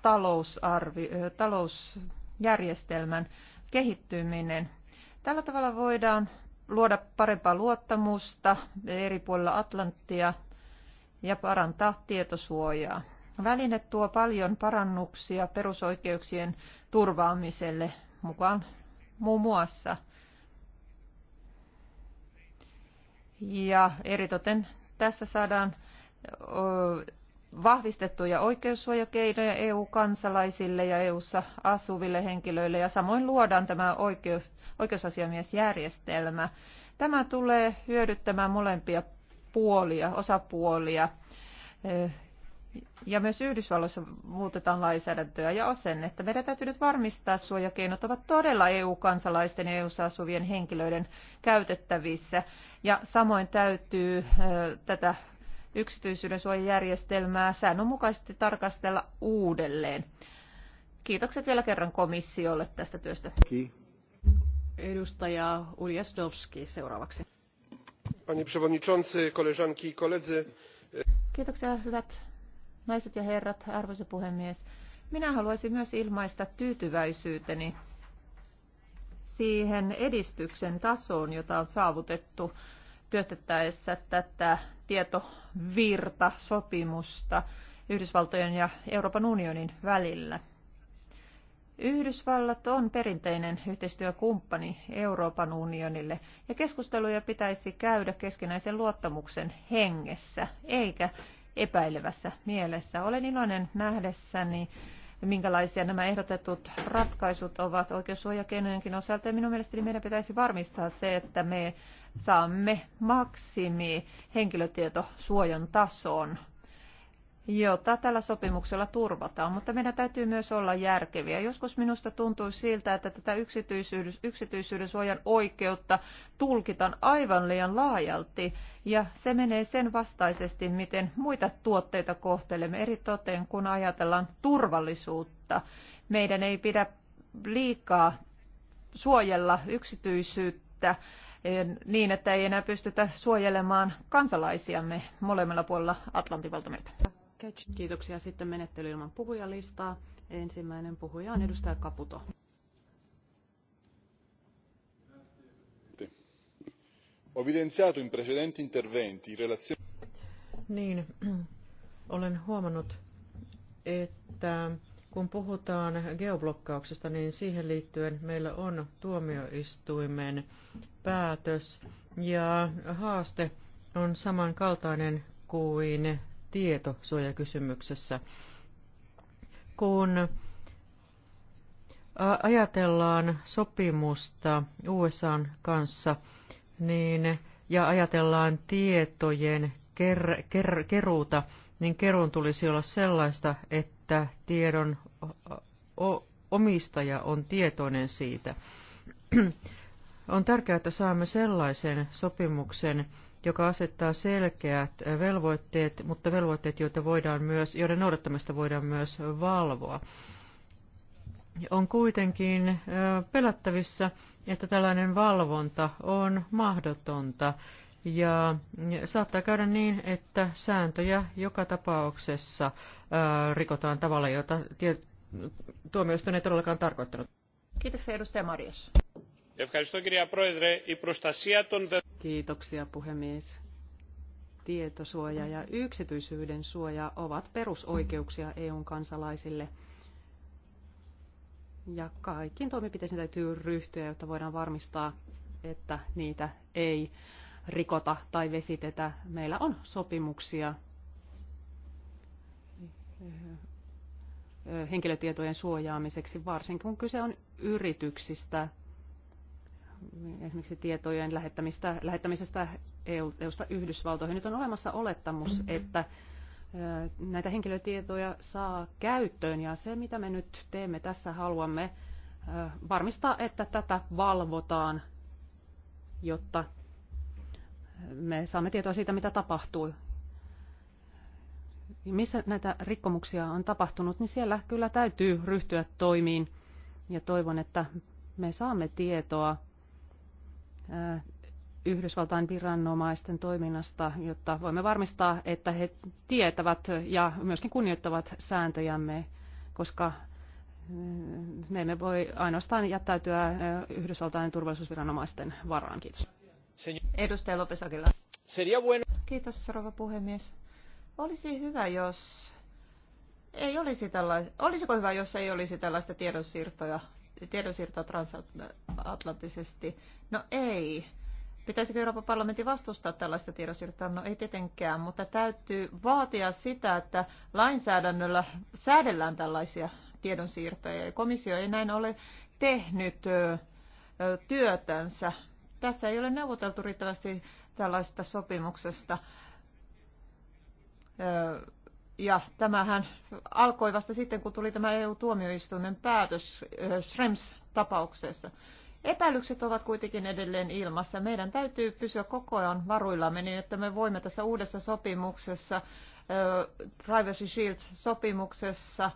talousarvi, talousjärjestelmän kehittyminen. Tällä tavalla voidaan luoda parempaa luottamusta eri puolilla Atlanttia ja parantaa tietosuojaa. Väline tuo paljon parannuksia perusoikeuksien turvaamiselle mukaan muun muassa. Ja eritoten tässä saadaan vahvistettuja oikeussuojakeinoja EU-kansalaisille ja EU-ssa asuville henkilöille ja samoin luodaan tämä oikeus, oikeusasiamiesjärjestelmä. Tämä tulee hyödyttämään molempia puolia, osapuolia. Eh, ja myös Yhdysvalloissa muutetaan lainsäädäntöä ja että Meidän täytyy nyt varmistaa, että suojakeinot ovat todella EU-kansalaisten ja EU-ssa asuvien henkilöiden käytettävissä. Ja samoin täytyy eh, tätä yksityisyyden suojajärjestelmää säännönmukaisesti tarkastella uudelleen. Kiitokset vielä kerran komissiolle tästä työstä. Kiitos. Edustaja Uljasdowski seuraavaksi. Panie przewodniczący, koleżanki i koledzy. Kiitoksia hyvät naiset ja herrat, arvoisa puhemies. Minä haluaisin myös ilmaista tyytyväisyyteni siihen edistyksen tasoon, jota on saavutettu työstettäessä tätä tietovirta-sopimusta Yhdysvaltojen ja Euroopan unionin välillä. Yhdysvallat on perinteinen yhteistyökumppani Euroopan unionille ja keskusteluja pitäisi käydä keskinäisen luottamuksen hengessä eikä epäilevässä mielessä. Olen iloinen nähdessäni minkälaisia nämä ehdotetut ratkaisut ovat oikeussuojakeinojenkin osalta. Ja minun mielestäni meidän pitäisi varmistaa se, että me saamme maksimi henkilötietosuojan tason jota tällä sopimuksella turvataan, mutta meidän täytyy myös olla järkeviä. Joskus minusta tuntuu siltä, että tätä yksityisyyden, yksityisyyden suojan oikeutta tulkitaan aivan liian laajalti, ja se menee sen vastaisesti, miten muita tuotteita kohtelemme eri toteen, kun ajatellaan turvallisuutta. Meidän ei pidä liikaa suojella yksityisyyttä niin, että ei enää pystytä suojelemaan kansalaisiamme molemmilla puolilla Atlantin valtamerta. Catch. Kiitoksia. Sitten menettely ilman puhujalistaa. Ensimmäinen puhuja on edustaja Kaputo. Ho in precedenti interventi in relazione... Niin, olen huomannut, että kun puhutaan geoblokkauksesta, niin siihen liittyen meillä on tuomioistuimen päätös ja haaste on samankaltainen kuin tietosuojakysymyksessä. Kun ajatellaan sopimusta USAn kanssa, niin, ja ajatellaan tietojen ker, ker, keruuta, niin keruun tulisi olla sellaista, että tiedon omistaja on tietoinen siitä. On tärkeää, että saamme sellaisen sopimuksen, joka asettaa selkeät velvoitteet, mutta velvoitteet, joita voidaan myös, joiden noudattamista voidaan myös valvoa. On kuitenkin pelättävissä, että tällainen valvonta on mahdotonta ja saattaa käydä niin, että sääntöjä joka tapauksessa rikotaan tavalla, jota tie- tuomioistuin ei todellakaan tarkoittanut. Kiitoksia edustaja Marjas. Ευχαριστώ κυρία Πρόεδρε. Η προστασία των Kiitoksia puhemies. Tietosuoja ja yksityisyyden suoja ovat perusoikeuksia EUn kansalaisille. Ja kaikkiin toimenpiteisiin täytyy ryhtyä, jotta voidaan varmistaa, että niitä ei rikota tai vesitetä. Meillä on sopimuksia henkilötietojen suojaamiseksi, varsinkin kun kyse on yrityksistä – esimerkiksi tietojen lähettämistä, lähettämisestä EU, EUsta Yhdysvaltoihin. Nyt on olemassa olettamus, että näitä henkilötietoja saa käyttöön ja se, mitä me nyt teemme tässä, haluamme varmistaa, että tätä valvotaan, jotta me saamme tietoa siitä, mitä tapahtuu. Missä näitä rikkomuksia on tapahtunut, niin siellä kyllä täytyy ryhtyä toimiin ja toivon, että me saamme tietoa Yhdysvaltain viranomaisten toiminnasta, jotta voimme varmistaa, että he tietävät ja myöskin kunnioittavat sääntöjämme, koska me emme voi ainoastaan jättäytyä Yhdysvaltain turvallisuusviranomaisten varaan. Kiitos. Edustaja lopes Kiitos, rouva puhemies. Olisi hyvä, jos ei olisi tällaista, olisiko hyvä, jos ei olisi tällaista tiedonsiirtoja tiedonsiirtoa transatlanttisesti. No ei. Pitäisikö Euroopan parlamentti vastustaa tällaista tiedonsiirtoa? No ei tietenkään, mutta täytyy vaatia sitä, että lainsäädännöllä säädellään tällaisia tiedonsiirtoja. Komissio ei näin ole tehnyt työtänsä. Tässä ei ole neuvoteltu riittävästi tällaista sopimuksesta. Ja tämähän alkoi vasta sitten, kun tuli tämä EU-tuomioistuimen päätös eh, Schrems-tapauksessa. Epäilykset ovat kuitenkin edelleen ilmassa. Meidän täytyy pysyä koko ajan varuillamme niin, että me voimme tässä uudessa sopimuksessa, eh, Privacy Shield-sopimuksessa,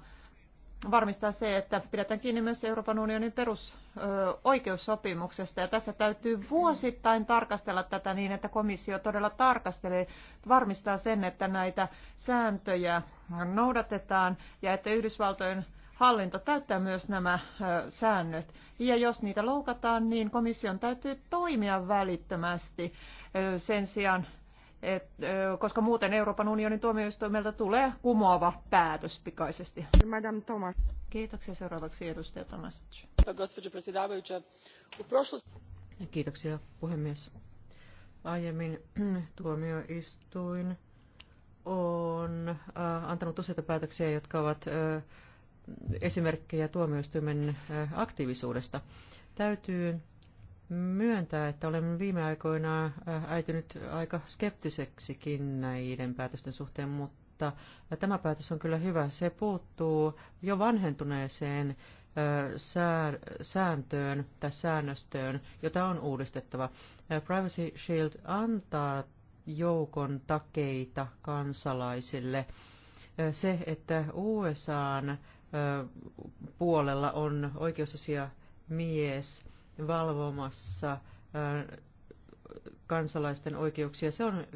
varmistaa se, että pidetään kiinni myös Euroopan unionin perusoikeussopimuksesta. Ja tässä täytyy vuosittain tarkastella tätä niin, että komissio todella tarkastelee, varmistaa sen, että näitä sääntöjä noudatetaan ja että Yhdysvaltojen hallinto täyttää myös nämä säännöt. Ja jos niitä loukataan, niin komission täytyy toimia välittömästi sen sijaan, et, koska muuten Euroopan unionin tuomioistuimelta tulee kumoava päätös pikaisesti. Madame Thomas. Kiitoksia. Seuraavaksi edustaja Tomasic. Kiitoksia puhemies. Aiemmin tuomioistuin on antanut useita päätöksiä, jotka ovat esimerkkejä tuomioistuimen aktiivisuudesta. Täytyy myöntää, että olen viime aikoina äh, äitynyt aika skeptiseksikin näiden päätösten suhteen, mutta tämä päätös on kyllä hyvä. Se puuttuu jo vanhentuneeseen äh, sääntöön tai säännöstöön, jota on uudistettava. Äh, Privacy Shield antaa joukon takeita kansalaisille. Se, että USAn puolella on oikeusasia mies, valvomassa kansalaisten oikeuksia. Se on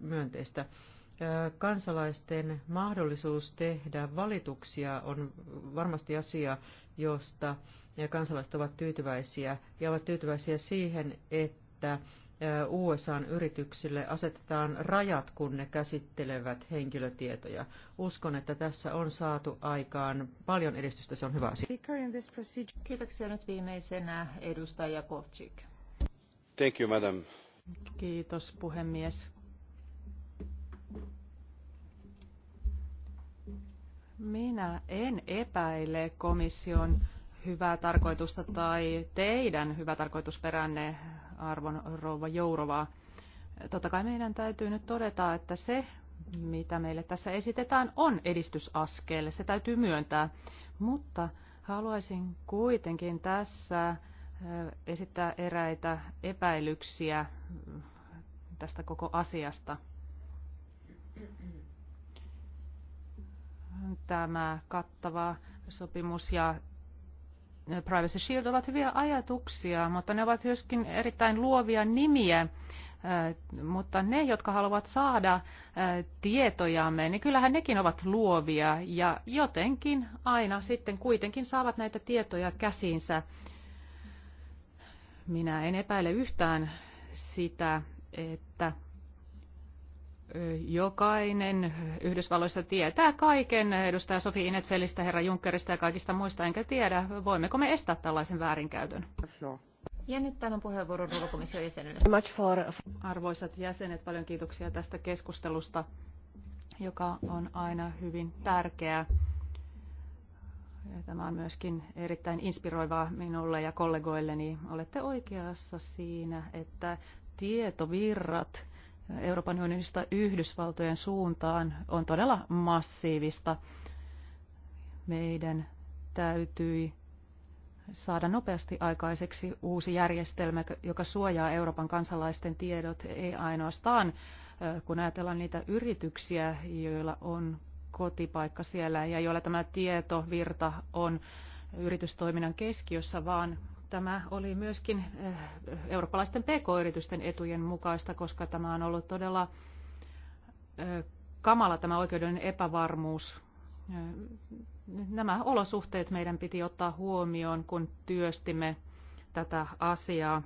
myönteistä. Kansalaisten mahdollisuus tehdä valituksia on varmasti asia, josta kansalaiset ovat tyytyväisiä ja ovat tyytyväisiä siihen, että USAn yrityksille asetetaan rajat, kun ne käsittelevät henkilötietoja. Uskon, että tässä on saatu aikaan paljon edistystä, se on hyvä asia. Kiitoksia nyt viimeisenä edustaja Kovcik. Thank you, madam. Kiitos puhemies. Minä en epäile komission hyvää tarkoitusta tai teidän hyvää tarkoitusperänne arvon rouva Jourovaa. Totta kai meidän täytyy nyt todeta, että se, mitä meille tässä esitetään, on edistysaskel. Se täytyy myöntää. Mutta haluaisin kuitenkin tässä äh, esittää eräitä epäilyksiä äh, tästä koko asiasta. Tämä kattava sopimus ja Privacy Shield ovat hyviä ajatuksia, mutta ne ovat myöskin erittäin luovia nimiä. Mutta ne, jotka haluavat saada tietojamme, niin kyllähän nekin ovat luovia ja jotenkin aina sitten kuitenkin saavat näitä tietoja käsiinsä. Minä en epäile yhtään sitä, että Jokainen Yhdysvalloissa tietää kaiken edustaja Sofi Inetfelistä, herra Junckerista ja kaikista muista, enkä tiedä, voimmeko me estää tällaisen väärinkäytön. No. Ja nyt täällä on puheenvuoro ruokomission jäsenelle. Arvoisat jäsenet, paljon kiitoksia tästä keskustelusta, joka on aina hyvin tärkeää. Ja tämä on myöskin erittäin inspiroivaa minulle ja kollegoilleni. Olette oikeassa siinä, että tietovirrat – Euroopan unionista Yhdysvaltojen suuntaan on todella massiivista. Meidän täytyi saada nopeasti aikaiseksi uusi järjestelmä, joka suojaa Euroopan kansalaisten tiedot, ei ainoastaan kun ajatellaan niitä yrityksiä, joilla on kotipaikka siellä ja joilla tämä tietovirta on yritystoiminnan keskiössä, vaan Tämä oli myöskin eh, eurooppalaisten pk-yritysten etujen mukaista, koska tämä on ollut todella eh, kamala tämä oikeudellinen epävarmuus. Eh, nämä olosuhteet meidän piti ottaa huomioon, kun työstimme tätä asiaa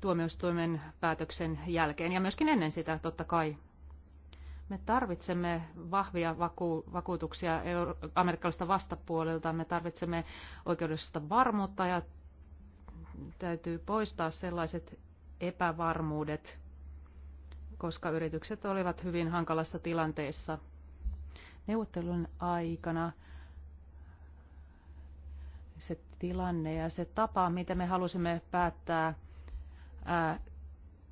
tuomioistuimen päätöksen jälkeen ja myöskin ennen sitä totta kai. Me tarvitsemme vahvia vaku- vakuutuksia euro- vastapuolelta, me tarvitsemme oikeudellista varmuutta ja täytyy poistaa sellaiset epävarmuudet, koska yritykset olivat hyvin hankalassa tilanteessa neuvottelun aikana se tilanne ja se tapa, miten me halusimme päättää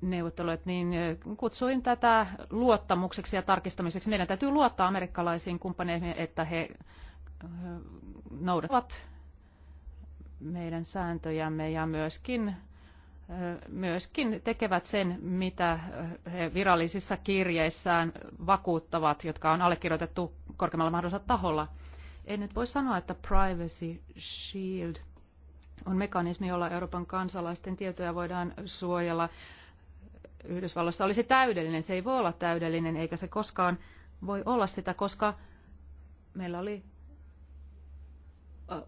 neuvottelut, niin kutsuin tätä luottamukseksi ja tarkistamiseksi. Meidän täytyy luottaa amerikkalaisiin kumppaneihin, että he noudattavat meidän sääntöjämme ja myöskin, myöskin tekevät sen, mitä he virallisissa kirjeissään vakuuttavat, jotka on allekirjoitettu korkeammalla mahdollisella taholla. En nyt voi sanoa, että Privacy Shield on mekanismi, jolla Euroopan kansalaisten tietoja voidaan suojella Yhdysvalloissa olisi täydellinen. Se ei voi olla täydellinen, eikä se koskaan voi olla sitä, koska meillä oli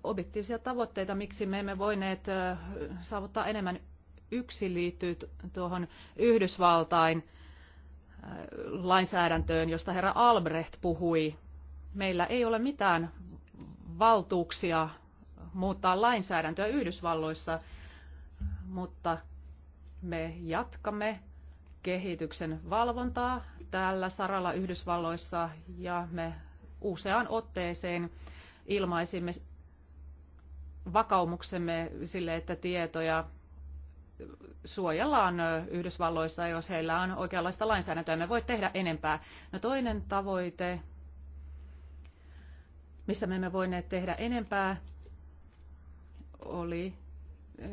objektiivisia tavoitteita, miksi me emme voineet saavuttaa enemmän. Yksi liittyy tuohon Yhdysvaltain lainsäädäntöön, josta herra Albrecht puhui. Meillä ei ole mitään valtuuksia muuttaa lainsäädäntöä Yhdysvalloissa, mutta me jatkamme kehityksen valvontaa tällä saralla Yhdysvalloissa ja me useaan otteeseen ilmaisimme vakaumuksemme sille, että tietoja suojellaan Yhdysvalloissa, jos heillä on oikeanlaista lainsäädäntöä. Me voi tehdä enempää. No toinen tavoite, missä me emme voineet tehdä enempää, oli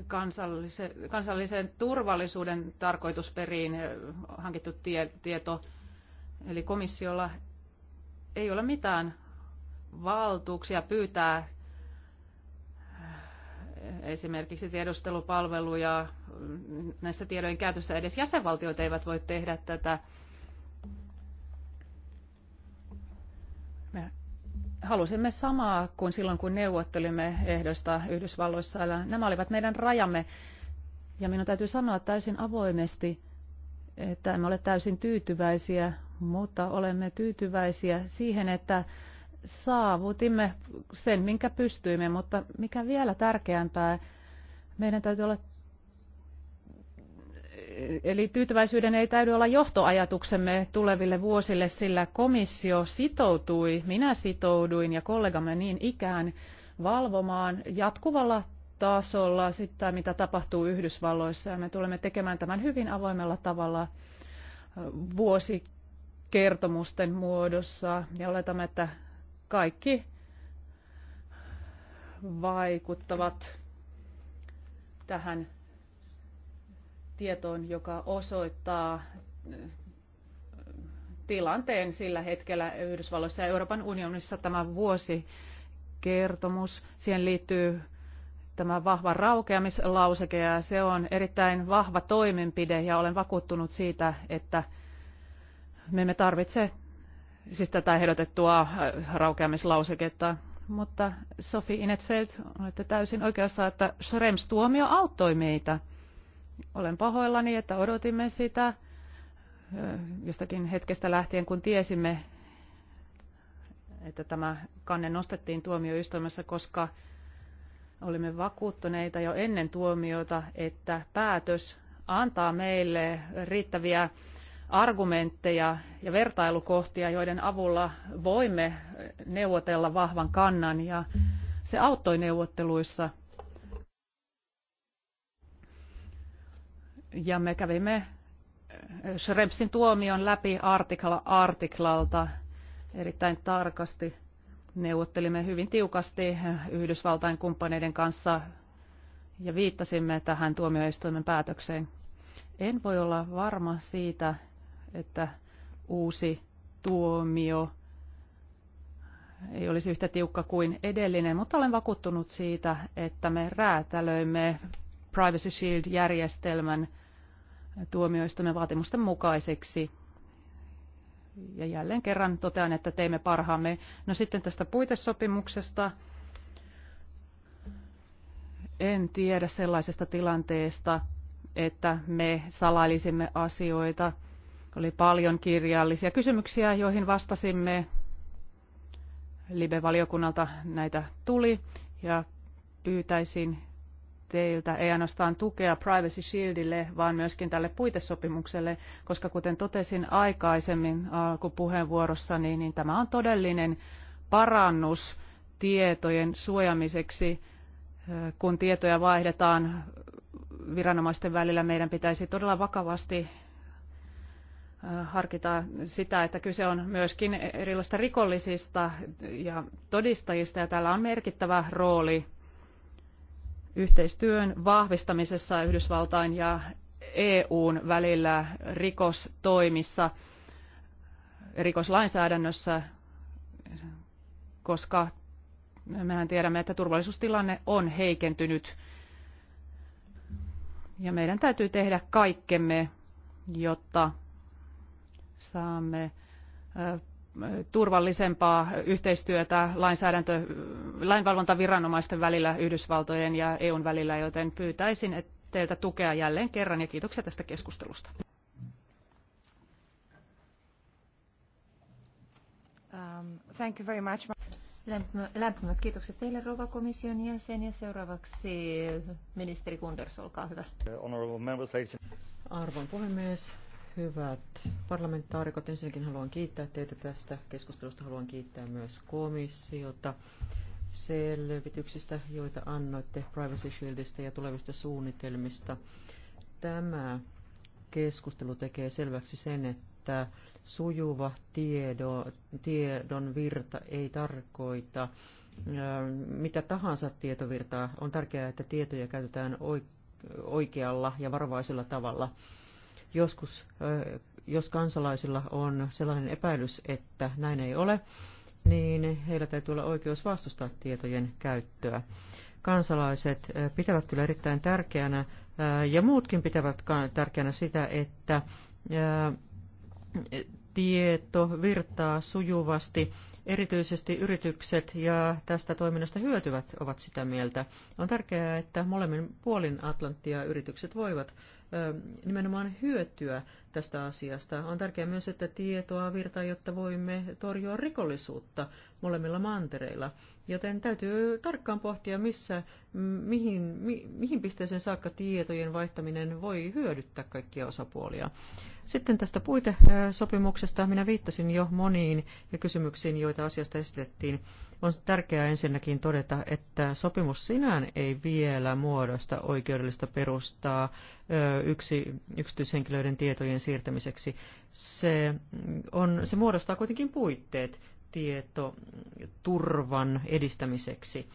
kansallisen, kansallisen turvallisuuden tarkoitusperiin eh, hankittu tie, tieto. Eli komissiolla ei ole mitään valtuuksia pyytää eh, esimerkiksi tiedustelupalveluja mm, näissä tiedojen käytössä. Edes jäsenvaltiot eivät voi tehdä tätä halusimme samaa kuin silloin, kun neuvottelimme ehdoista Yhdysvalloissa. Nämä olivat meidän rajamme. Ja minun täytyy sanoa täysin avoimesti, että emme ole täysin tyytyväisiä, mutta olemme tyytyväisiä siihen, että saavutimme sen, minkä pystyimme. Mutta mikä vielä tärkeämpää, meidän täytyy olla Eli tyytyväisyyden ei täydy olla johtoajatuksemme tuleville vuosille, sillä komissio sitoutui, minä sitouduin ja kollegamme niin ikään valvomaan jatkuvalla tasolla sitä, mitä tapahtuu Yhdysvalloissa. Ja me tulemme tekemään tämän hyvin avoimella tavalla vuosikertomusten muodossa ja oletamme, että kaikki vaikuttavat tähän tietoon, joka osoittaa eh, tilanteen sillä hetkellä Yhdysvalloissa ja Euroopan unionissa tämä vuosikertomus. Siihen liittyy tämä vahva raukeamislauseke ja se on erittäin vahva toimenpide ja olen vakuuttunut siitä, että me emme tarvitse siis tätä ehdotettua eh, raukeamislauseketta. Mutta Sofi Inetfeld, olette täysin oikeassa, että Schrems-tuomio auttoi meitä – olen pahoillani, että odotimme sitä jostakin hetkestä lähtien, kun tiesimme, että tämä kanne nostettiin tuomioistuimessa, koska olimme vakuuttuneita jo ennen tuomiota, että päätös antaa meille riittäviä argumentteja ja vertailukohtia, joiden avulla voimme neuvotella vahvan kannan ja se auttoi neuvotteluissa – ja me kävimme eh, Schremsin tuomion läpi artikla artiklalta erittäin tarkasti. Neuvottelimme hyvin tiukasti Yhdysvaltain kumppaneiden kanssa ja viittasimme tähän tuomioistuimen päätökseen. En voi olla varma siitä, että uusi tuomio ei olisi yhtä tiukka kuin edellinen, mutta olen vakuuttunut siitä, että me räätälöimme Privacy Shield-järjestelmän – tuomioistuimen vaatimusten mukaiseksi. Ja jälleen kerran totean, että teimme parhaamme. No sitten tästä puitesopimuksesta. En tiedä sellaisesta tilanteesta, että me salailisimme asioita. Oli paljon kirjallisia kysymyksiä, joihin vastasimme. Live-valiokunnalta näitä tuli ja pyytäisin teiltä, ei ainoastaan tukea Privacy Shieldille, vaan myöskin tälle puitesopimukselle, koska kuten totesin aikaisemmin alkupuheenvuorossa, niin tämä on todellinen parannus tietojen suojamiseksi, kun tietoja vaihdetaan viranomaisten välillä. Meidän pitäisi todella vakavasti harkita sitä, että kyse on myöskin erilaisista rikollisista ja todistajista, ja tällä on merkittävä rooli yhteistyön vahvistamisessa Yhdysvaltain ja EUn välillä rikostoimissa, rikoslainsäädännössä, koska mehän tiedämme, että turvallisuustilanne on heikentynyt ja meidän täytyy tehdä kaikkemme, jotta saamme turvallisempaa yhteistyötä lainsäädäntö, lainvalvontaviranomaisten välillä Yhdysvaltojen ja EUn välillä, joten pyytäisin teiltä tukea jälleen kerran ja kiitoksia tästä keskustelusta. Um, thank you very much. Lämpimät kiitokset teille, rouva komission jäsen. Ja seuraavaksi ministeri Kunders, olkaa hyvä. Arvon puhemies, Hyvät parlamentaarikot, ensinnäkin haluan kiittää teitä tästä keskustelusta. Haluan kiittää myös komissiota selvityksistä, joita annoitte Privacy Shieldistä ja tulevista suunnitelmista. Tämä keskustelu tekee selväksi sen, että sujuva tiedo, tiedon virta ei tarkoita mitä tahansa tietovirtaa. On tärkeää, että tietoja käytetään oikealla ja varovaisella tavalla. Joskus, jos kansalaisilla on sellainen epäilys, että näin ei ole, niin heillä täytyy olla oikeus vastustaa tietojen käyttöä. Kansalaiset pitävät kyllä erittäin tärkeänä, ja muutkin pitävät tärkeänä sitä, että tieto virtaa sujuvasti. Erityisesti yritykset ja tästä toiminnasta hyötyvät ovat sitä mieltä. On tärkeää, että molemmin puolin Atlanttia yritykset voivat nimenomaan hyötyä tästä asiasta. On tärkeää myös, että tietoa virtaa, jotta voimme torjua rikollisuutta molemmilla mantereilla. Joten täytyy tarkkaan pohtia, missä, mihin, mi, mihin pisteeseen saakka tietojen vaihtaminen voi hyödyttää kaikkia osapuolia. Sitten tästä puitesopimuksesta minä viittasin jo moniin kysymyksiin, joita asiasta esitettiin. On tärkeää ensinnäkin todeta, että sopimus sinään ei vielä muodosta oikeudellista perustaa yksi, yksityishenkilöiden tietojen siirtämiseksi. Se, mm, on, se muodostaa kuitenkin puitteet tietoturvan edistämiseksi.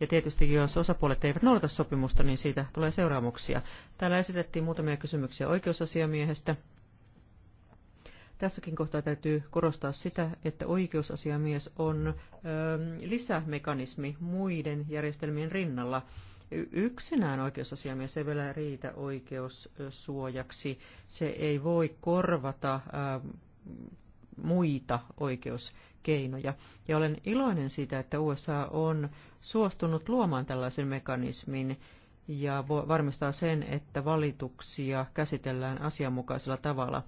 Ja tietysti jos osapuolet eivät noudata sopimusta, niin siitä tulee seuraamuksia. Täällä esitettiin muutamia kysymyksiä oikeusasiamiehestä. Tässäkin kohtaa täytyy korostaa sitä, että oikeusasiamies on lisämekanismi muiden järjestelmien rinnalla. Yksinään oikeusasiamies ei vielä riitä oikeussuojaksi. Se ei voi korvata muita oikeuskeinoja. Ja olen iloinen siitä, että USA on suostunut luomaan tällaisen mekanismin ja varmistaa sen, että valituksia käsitellään asianmukaisella tavalla.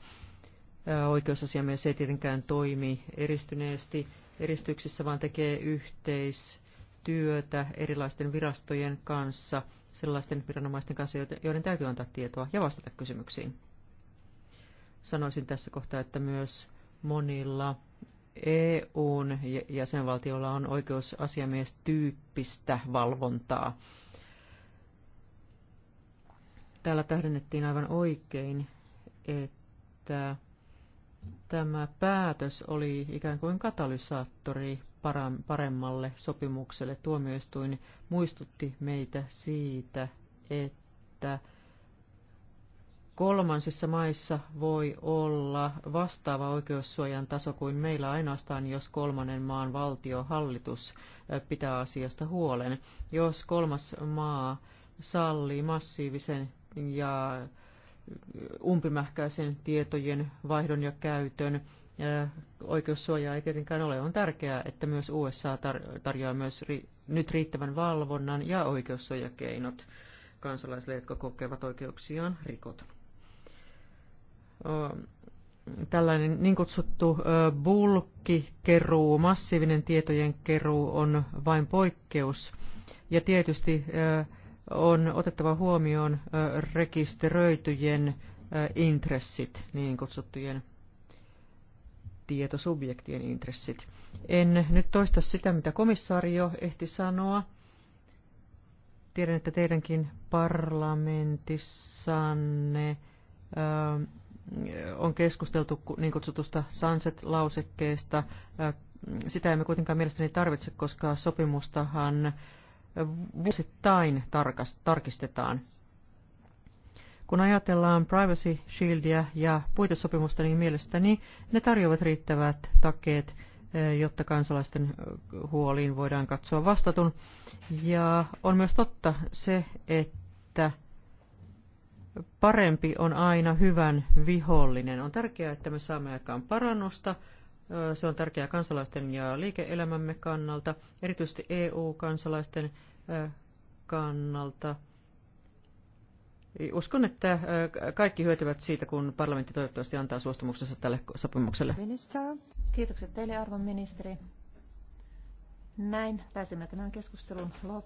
Oikeusasiamies ei tietenkään toimi eristyneesti eristyksissä, vaan tekee yhteistyötä erilaisten virastojen kanssa, sellaisten viranomaisten kanssa, joiden täytyy antaa tietoa ja vastata kysymyksiin. Sanoisin tässä kohtaa, että myös monilla EUn jäsenvaltiolla on tyyppistä valvontaa. Täällä tähdennettiin aivan oikein, että tämä päätös oli ikään kuin katalysaattori paremmalle sopimukselle. Tuomioistuin muistutti meitä siitä, että kolmansissa maissa voi olla vastaava oikeussuojan taso kuin meillä ainoastaan, jos kolmannen maan valtiohallitus pitää asiasta huolen. Jos kolmas maa sallii massiivisen ja umpimähkäisen tietojen vaihdon ja käytön. Oikeussuojaa ei tietenkään ole. On tärkeää, että myös USA tarjoaa myös nyt riittävän valvonnan ja oikeussuojakeinot kansalaisille, jotka kokevat oikeuksiaan rikot. Tällainen niin kutsuttu bulkkikeruu, massiivinen tietojen keruu on vain poikkeus. Ja tietysti on otettava huomioon rekisteröityjen intressit, niin kutsuttujen tietosubjektien intressit. En nyt toista sitä, mitä komissaari jo ehti sanoa. Tiedän, että teidänkin parlamentissanne on keskusteltu niin kutsutusta sunset-lausekkeesta. Sitä emme kuitenkaan mielestäni tarvitse, koska sopimustahan vuosittain tarkistetaan. Kun ajatellaan Privacy Shieldia ja puitesopimusta, niin mielestäni ne tarjoavat riittävät takeet, eh, jotta kansalaisten eh, huoliin voidaan katsoa vastatun. Ja on myös totta se, että parempi on aina hyvän vihollinen. On tärkeää, että me saamme aikaan parannusta se on tärkeää kansalaisten ja liike-elämämme kannalta, erityisesti EU-kansalaisten kannalta. Uskon, että kaikki hyötyvät siitä, kun parlamentti toivottavasti antaa suostumuksensa tälle sopimukselle. Minister. Kiitokset teille, arvon ministeri. Näin pääsemme tämän keskustelun loppuun.